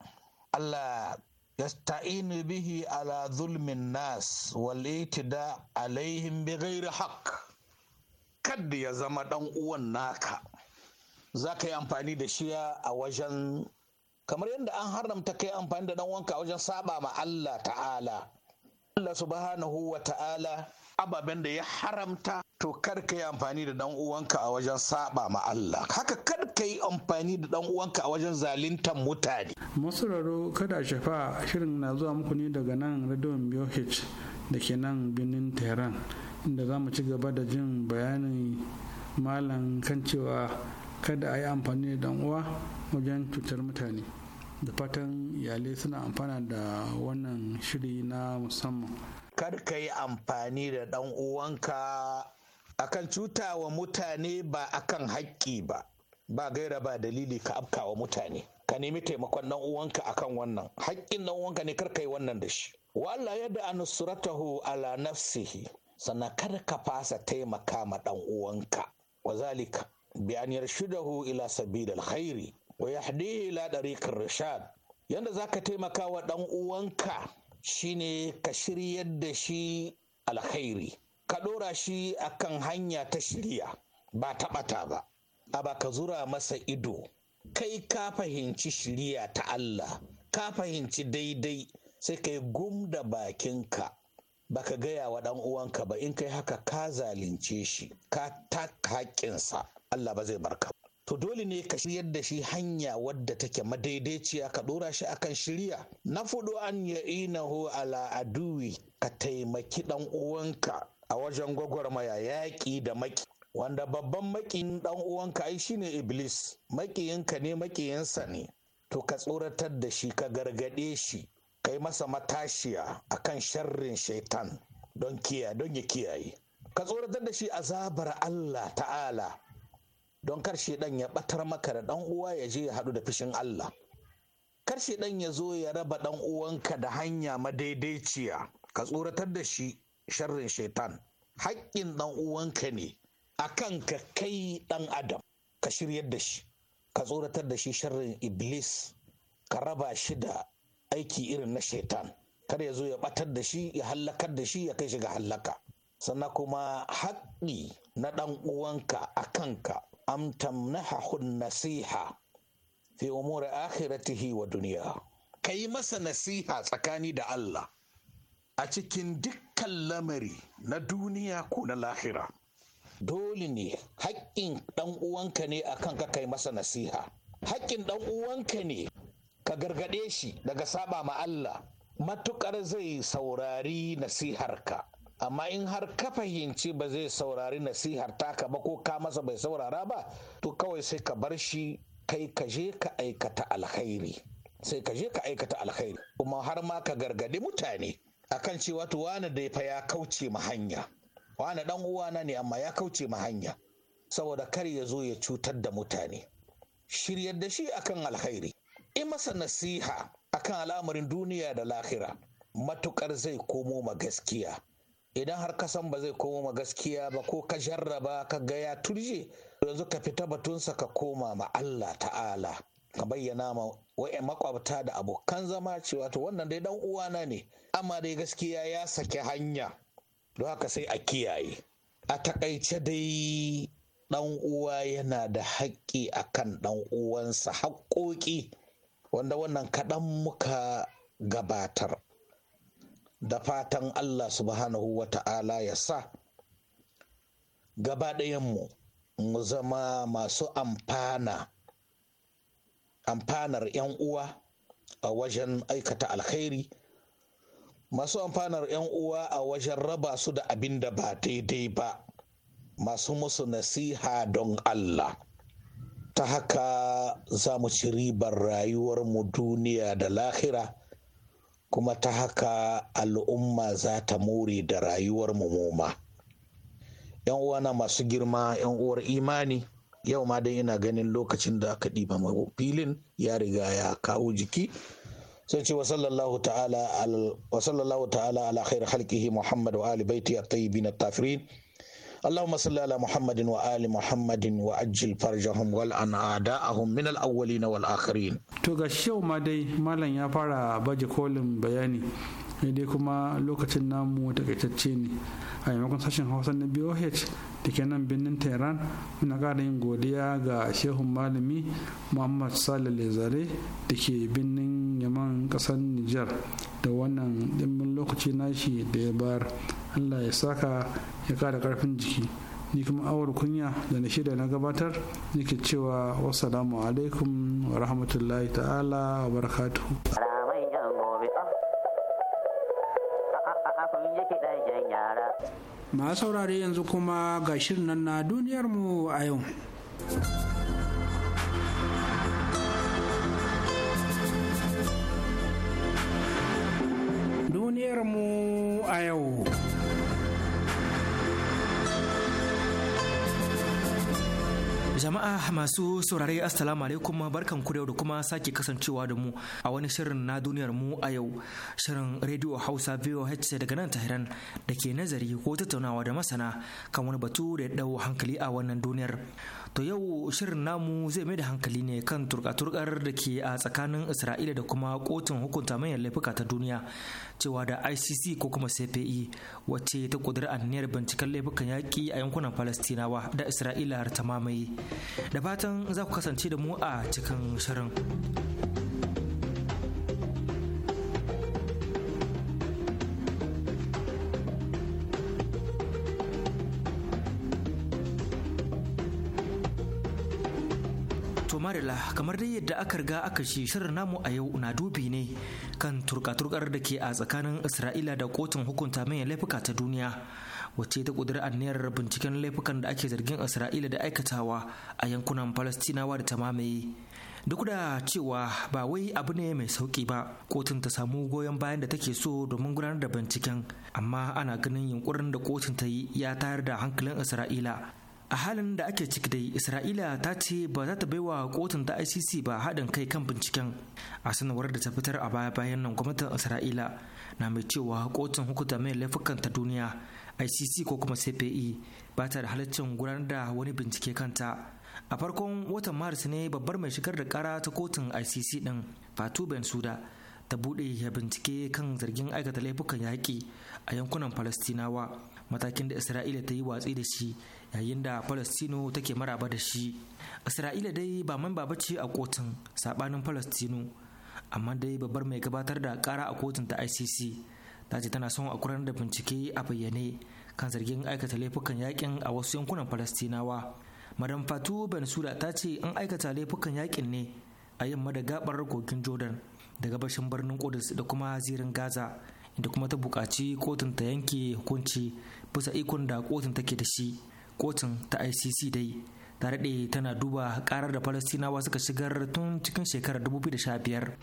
Allah yasta'inu bihi ala zulmin nas wal itida alaihim bi ghairi haqq kadda ya zama dan uwan naka zaka yi amfani da shi a wajen kamar yadda an haramta kai amfani da ɗan wanka a wajen saba ma Allah ta'ala Allah subhanahu wa ta'ala ababen da ya haramta to kar ka yi amfani da dan uwanka a wajen saba ma Allah haka kar ka yi amfani da dan uwanka a wajen zaluntar mutane masuraro kada shafa shirin na zuwa muku ne daga nan radio BOH da ke nan birnin Tehran inda za mu ci gaba da jin bayanin malam kan cewa kada a yi amfani da dan uwa wajen cutar mutane da fatan iyalai suna amfana da wannan shiri na musamman kar ka yi amfani da dan uwanka akan cuta wa mutane ba akan haƙƙi ba ba gaira ba dalili ka wa mutane ka nemi taimakon dan uwanka akan wannan haƙƙin dan uwanka ne karka yi wannan da shi walla yadda an suratahu ala nafsihi sana kar ka fasa taimaka ma dan uwanka wa zalika bi an yarshidahu ila sabil alkhairi wa yahdihi ila tariqir rishad yanda zaka taimaka wa dan uwanka shine ka shiryar da shi alkhairi ka ɗora shi a kan hanya ta shirya ba ta ɓata ba a ba ka zura masa ido kai ka fahimci shirya ta Allah ka fahimci daidai sai kai gum da bakinka ba ka gaya wa ɗan uwanka ba in kai haka ka zalunce shi ka ta haƙƙinsa Allah ba zai barka to dole ne ka shiryar da shi hanya wadda take madaidaiciya ka ɗora shi akan shirya na fudu an ya inahu ala aduwi ka taimaki ɗan uwanka a wajen gwagwarmaya yaƙi da maki wanda babban makiyin ɗan uwanka ai shine iblis makiyinka ne makiyinsa ne to ka tsoratar da shi ka gargaɗe shi kai masa matashiya akan sharrin shaitan don kiya don ya kiyaye ka tsoratar da shi azabar Allah ta'ala don kar shaidan ya batar maka da ɗan uwa ya je ya haɗu da fishin Allah kar shaidan ya zo ya raba ɗan uwanka da hanya madaidaiciya ka tsoratar da shi sharrin shaitan haƙƙin ɗan uwanka ne a kan ka kai ɗan adam ka shiryar da shi ka tsoratar da shi sharrin iblis ka raba shi da aiki irin na shaitan kar ya zo ya ɓatar da shi ya hallakar da shi ya kai shi ga hallaka sannan kuma haƙƙi na ɗan uwanka a kanka am tamnahahun nasiha fi umuri akhiratihi wa duniya ka yi masa nasiha tsakani da Allah a cikin dukkan lamari na duniya ko na lahira. Dole ne haƙƙin ɗan uwanka ne a kan kai masa nasiha. Haƙƙin ɗan uwanka ne ka gargaɗe shi daga saba ma Allah matuƙar zai saurari nasiharka. amma in har ka fahimci ba zai saurari nasihar taka ba ko ka masa bai saurara ba to kawai sai ka bar shi kai ka je ka aikata alkhairi sai ka je ka aikata alkhairi kuma har ma ka gargadi mutane akan ce wato, wani da fa ya kauce ma hanya wani dan uwana ne amma ya kauce ma hanya saboda kar ya zo ya cutar da mutane shiryar da shi akan alkhairi in masa nasiha akan al'amarin duniya da lahira matukar zai komo ma gaskiya idan har ka san ba zai komo ma gaskiya ba ko ka jarraba ka ga ya turje yanzu ka fita batunsa ka koma ma Allah ta'ala ka bayyana ma wa'yan makwabta da abokan zama cewa to wannan dai dan uwana ne amma dai gaskiya ya saki hanya don haka sai a kiyaye a takaice dai dan uwa yana da haƙƙi akan dan uwansa haƙƙoƙi wanda wannan kaɗan muka gabatar da fatan Allah subhanahu wa ta'ala ya sa gaba mu zama masu amfana amfanar 'yan uwa a wajen aikata alkhairi masu amfanar 'yan uwa a wajen raba su da abin da ba daidai ba masu musu nasiha don Allah ta haka za mu ci ribar rayuwar mu duniya da lahira kuma ta haka al'umma za ta more da rayuwar mu moma. 'yan na masu girma 'yan uwar imani yau ma dai ina ganin lokacin da aka ɗiba filin ya riga ya kawo jiki sai ce sallallahu ta'ala ala khair halkihi muhammad wa ali baiti at-tayyibin at-tafirin اللهم صل على محمد وآل محمد وأجل فرجهم والأن أعداءهم من الأولين والآخرين to ga shau ma dai malam ya fara baje kolin bayani dai kuma lokacin namu takaitacce ne a maimakon sashen hausa na boh da ke nan birnin tehran muna ƙara yin godiya ga shehun malami muhammad salih lezare da ke birnin yaman ƙasar nijar da wannan ɗimbin lokaci nashi da ya bar. allah ya saka ya ƙara ƙarfin jiki ni kuma awar kunya da na shida na gabatar nake cewa wasu alaikum wa rahmatullahi ta'ala wa barakatuhu masu saurare yanzu kuma ga shirin nan na duniyarmu a yau duniyarmu a yau Jama'a masu saurare Assalamu alaikum barkan ku da kuma sake kasancewa da mu a wani shirin na duniyar mu a yau shirin Radio Hausa VOH daga nan Tahiran da ke nazari ko tattaunawa da masana kan wani batu da ya dau hankali a wannan duniyar. To yau shirin namu zai mai da hankali ne kan turka-turkar da ke a tsakanin Isra'ila da kuma kotun hukunta manyan laifuka ta duniya cewa da ICC ko kuma CPE wacce ta kudura aniyar binciken laifukan yaƙi a yankunan Falastinawa da Isra'ila ta mamaye. Da fatan za ku kasance da mu a cikin shirin. madalla kamar dai yadda aka riga aka ce shirin namu a yau na dubi ne kan turka-turkar da ke a tsakanin isra'ila da kotun hukunta manyan laifuka ta duniya wacce ta kudura aniyar binciken laifukan da ake zargin isra'ila da aikatawa a yankunan falastinawa da ta mamaye duk da cewa ba wai abu ne mai sauki ba kotun ta samu goyon bayan da take so domin gudanar da binciken amma ana ganin yunkurin da kotun ta yi ya tayar da hankalin isra'ila a halin da ake ciki dai isra'ila ta ce ba za ta baiwa kotun ta icc ba haɗin kai kan binciken a sanarwar da ta fitar a baya bayan nan gwamnatin isra'ila na mai cewa kotun hukunta mai laifukan ta duniya icc ko kuma cpe ba ta da halaccin gudanar da wani bincike kanta a farkon watan maris ne babbar mai shigar da kara ta kotun icc din fatu ben suda ta buɗe ya bincike kan zargin aikata laifukan yaƙi a yankunan falastinawa matakin da isra'ila ta yi watsi da shi yayin da palestino take maraba da shi isra'ila dai ba man ba ce a kotun sabanin palestino amma dai babbar mai gabatar da kara a kotun ta icc ta ce tana son a kurar da bincike a bayyane kan zargin aikata laifukan yakin a wasu yankunan palestinawa madam fatu bensura ta ce an aikata laifukan yakin ne a yamma da gabar kogin jordan da gabashin birnin kudus da kuma zirin gaza inda kuma ta buƙaci kotun ta yanke hukunci bisa ikon da kotun take da shi kotun ta icc dai ta daɗe tana duba karar da falastinawa suka shigar tun cikin shekarar 2015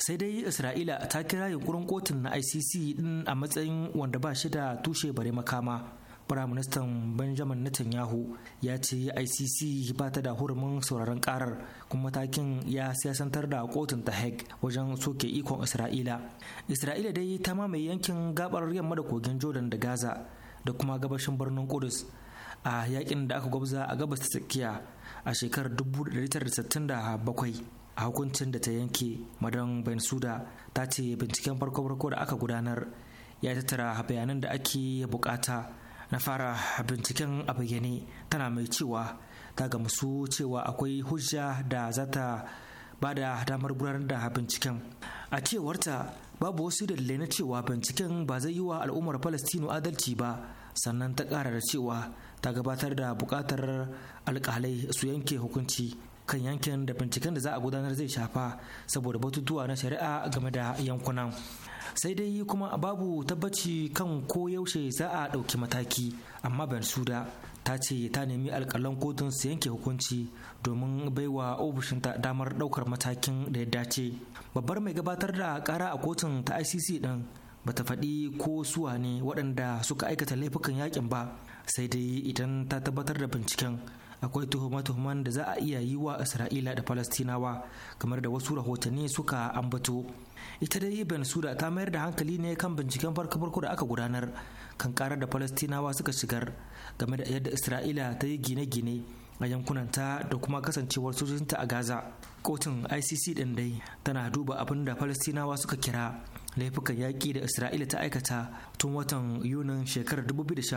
sai dai isra'ila ta kira yunkurin kotun na icc din a matsayin wanda ba shi da tushe bare makama Firaministan Benjamin Netanyahu ya ce ICC ba ta da hurumin sauraron karar kuma matakin ya siyasantar da kotun ta Hague wajen soke ikon Isra'ila. Isra'ila dai ta mamaye yankin gabar yamma da kogin Jordan da Gaza da kuma gabashin birnin Kudus a yakin da aka gwabza a gabas ta tsakiya a shekarar 1967. a hukuncin da ta yanke madan bensuda ta ce binciken farko-farko da aka gudanar ya tattara bayanan da ake bukata na fara binciken a bayyane tana mai cewa ta gamu su cewa akwai hujja da za ta ba da damar gudanar da binciken a cewarta babu wasu dalilai na cewa binciken ba zai yi wa al'ummar palestino adalci ba sannan ta ƙara da cewa ta gabatar da bukatar alkalai su yanke hukunci kan yankin da binciken da za a gudanar zai shafa saboda batutuwa na shari'a game da yankunan sai dai kuma babu tabbaci kan ko yaushe za a ɗauki mataki amma ban suda ta ce ta nemi alƙalan kotun su yanke hukunci domin baiwa ofishinta damar ɗaukar matakin da ya dace babbar mai gabatar da ƙara a kotun ta icc ɗin bata faɗi ko suwa ne waɗanda suka aikata laifukan yakin ba sai dai idan ta tabbatar da binciken akwai tuhuma-tuhuman da za a iya yi wa isra'ila da falastinawa kamar da wasu rahotanni suka ambato ita dai bensuda ta mayar da hankali ne kan binciken farko-farko da aka gudanar kan karar da falastinawa suka shigar game da yadda isra'ila ta yi gine-gine a yankunanta da kuma kasancewar sojojinta a gaza kotun icc din dai tana duba abin da falastinawa suka kira laifukan yaƙi da isra'ila ta aikata tun watan yunin shekarar 2014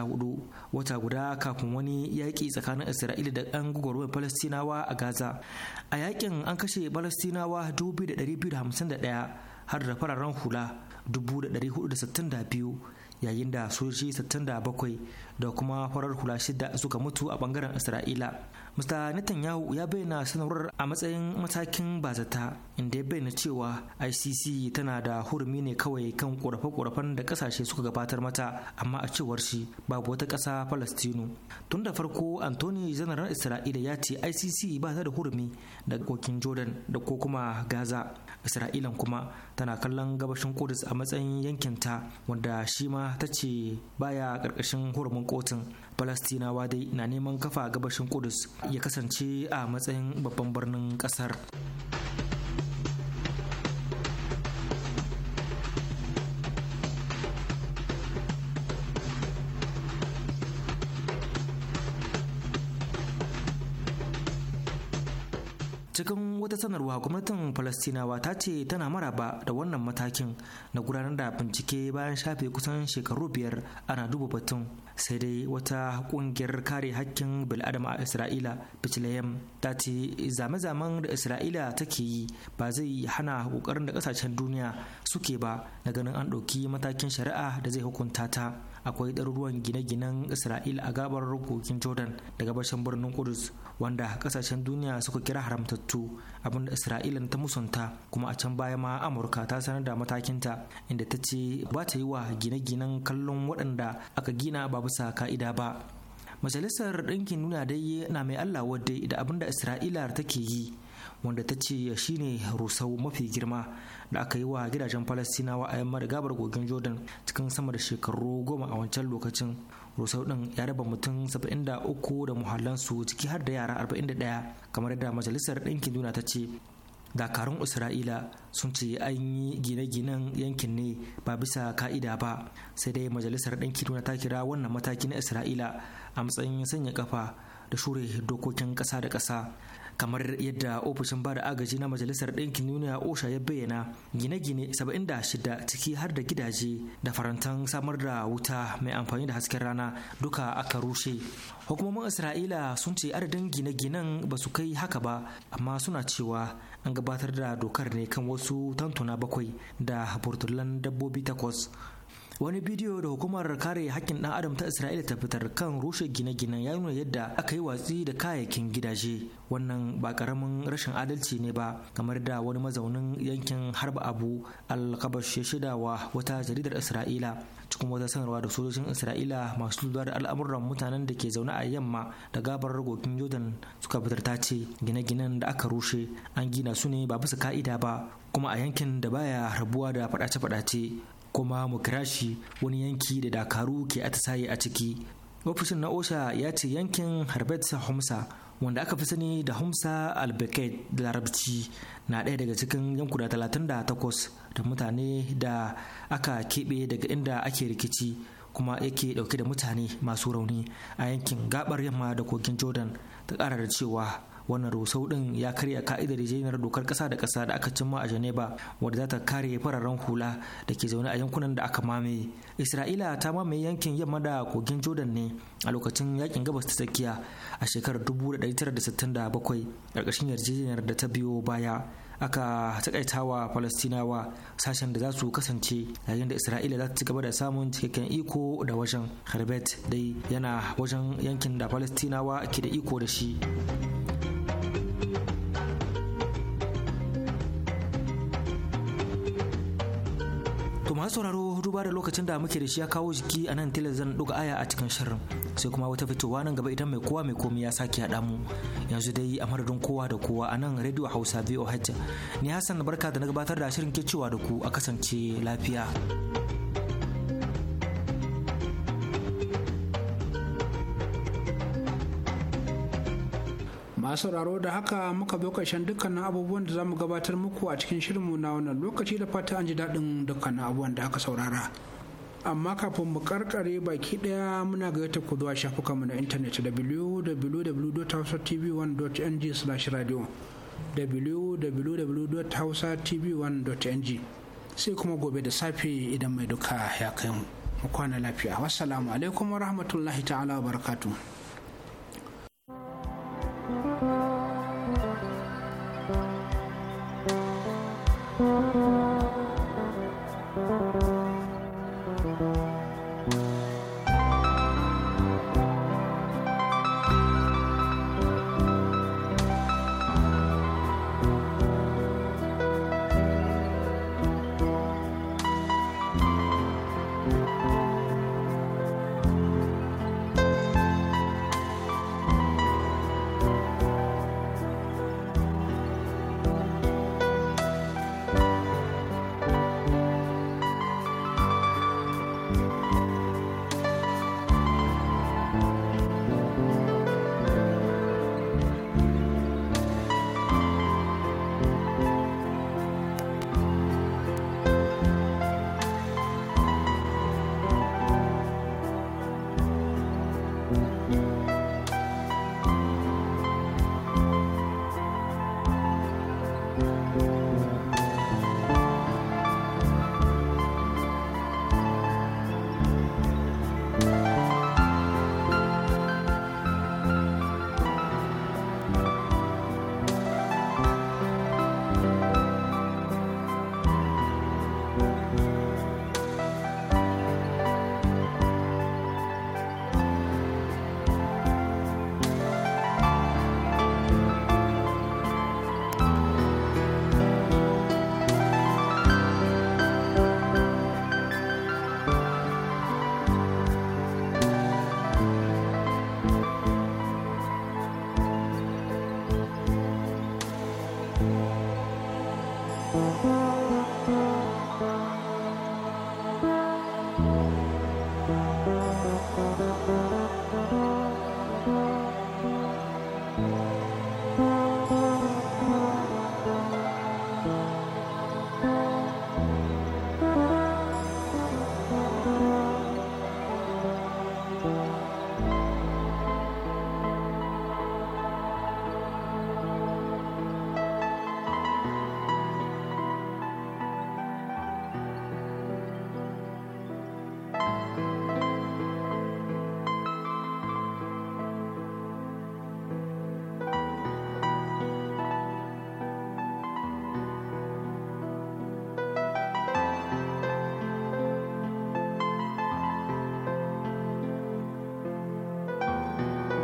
wata guda kafin wani yaƙi tsakanin isra'ila da ɗan gugurwar falastinawa a gaza a yaƙin an kashe falastinawa 2,251 har da fararen hula 462 yayin da sojoji 67 da kuma farar hula shida suka mutu a bangaren isra'ila mr netanyahu ya bayyana sanarwar a matsayin matakin bazata inda ya bayyana cewa icc tana da hurumi ne kawai kan korafe-korafen da ƙasashe suka gabatar mata amma a cewar shi babu wata ƙasa palestino tun da farko anthony janaran isra'ila ya ce icc ba ta da hurumi da kokin jordan da ko kuma gaza isra'ila kuma tana kallon gabashin kudus a matsayin yankinta wanda shi ma ta ce baya ƙarƙashin hurumin neman kotun falastinawa dai na neman kafa gabashin kudus ya kasance a matsayin babban birnin kasar cikin wata sanarwa gwamnatin falastinawa ta ce tana maraba da wannan matakin na gudanar da bincike bayan shafe kusan shekaru biyar ana duba batun sai dai wata kungiyar kare hakkin bil'adama a isra'ila bethlehem ta ce zame-zamen da isra'ila take yi ba zai hana kokarin da kasashen duniya suke ba na ganin an ɗauki matakin shari'a da zai hukunta ta akwai ɗaruruwan gine-ginen isra'ila a gabar kogin jordan da gabashin birnin kudus wanda kasashen duniya suka kira haramtattu abinda isra'ila ta musanta kuma a can baya ma amurka ta sanar da matakinta inda ta ce ba ta yi wa gine-ginen kallon waɗanda aka gina ba bisa ka'ida ba majalisar ɗinkin nuna dai na mai allah wadai da abinda isra'ila take yi wanda ta ce shine rusau mafi girma da aka yi wa gidajen falastinawa a yamma da gabar kogin jordan cikin sama da shekaru goma a wancan lokacin rusau din ya raba mutum 73 da muhallansu ciki har da yara 41 kamar yadda majalisar ɗinkin juna ta ce dakarun isra'ila sun ce an yi gine-ginen yankin ne ba bisa ka'ida ba sai dai majalisar ɗinkin juna ta kira wannan mataki na isra'ila a matsayin sanya kafa da shure dokokin ƙasa da ƙasa kamar yadda ofishin bada agaji na majalisar ɗinkin duniya osha ya bayyana gine-gine 76 ciki har da gidaje da farantan samar da wuta mai amfani da hasken rana duka aka rushe hukumomin isra'ila sun ce adadin gine-ginen ba su kai haka ba amma suna cewa an gabatar da dokar ne kan wasu tantuna bakwai da burtulan dabbobi takwas wani bidiyo da hukumar kare hakkin dan adam ta isra'ila ta fitar kan rushe gine-ginen ya nuna yadda aka yi watsi da kayayyakin gidaje wannan ba karamin rashin adalci ne ba kamar da wani mazaunin yankin harba abu alkabash ya shida wa wata jaridar isra'ila cikin wata sanarwa da sojojin isra'ila masu lura da al'amuran mutanen da ke zaune a yamma da gabar ragogin jordan suka fitar ta ce gine-ginen da aka rushe an gina su ne ba bisa ka'ida ba kuma a yankin da baya rabuwa da fadace-fadace kuma mu kira shi wani yanki da dakaru ke atisaye a ciki ofishin na osha ya ce yankin harbet humsa wanda aka fi sani da humsa albaket da larabci na ɗaya daga cikin yankuna 38 da mutane da aka keɓe daga inda ake rikici kuma yake dauke da mutane masu rauni a yankin gabar yamma da kogin jordan ta ƙara da cewa wannan rusau din ya karya ka'idar yarjejeniyar dokar kasa da kasa da aka cimma a geneva wadda za ta kare fararen hula da ke zaune a yankunan da aka mame isra'ila ta mamaye yankin yamma da kogin jordan ne a lokacin yakin gabas ta tsakiya a shekarar 1967 ƙarƙashin yarjejeniyar da ta biyo baya aka wa falastinawa sashen da za su kasance yayin da isra'ila za ta ci gaba da samun cikakken iko da wajen harbet dai yana wajen yankin da falastinawa ke da iko da shi sauraro duba da lokacin da muke da shi ya kawo jiki a nan tilas zan ɗuga aya a cikin shirin sai kuma wata fitowa nan gaba idan mai kowa mai komi ya sake haɗa mu yanzu dai a madadin kowa da kowa a nan radio hausa voh ni hassan barka da na gabatar da shirin ke cewa da ku a kasance lafiya. masu sauraro da haka muka bi ƙarshen dukkanin abubuwan da zamu gabatar muku a cikin shirinmu na wannan lokaci da fata an ji daɗin dukkanin abubuwan da aka saurara amma kafin mu karkare baki ɗaya muna gayyata ku zuwa shafukanmu na intanet www.hausatv1.ng slash radio www.hausatv1.ng sai kuma gobe da safe idan mai duka ya kai mu kwana lafiya wassalamu alaikum wa rahmatullahi ta'ala wa barakatuh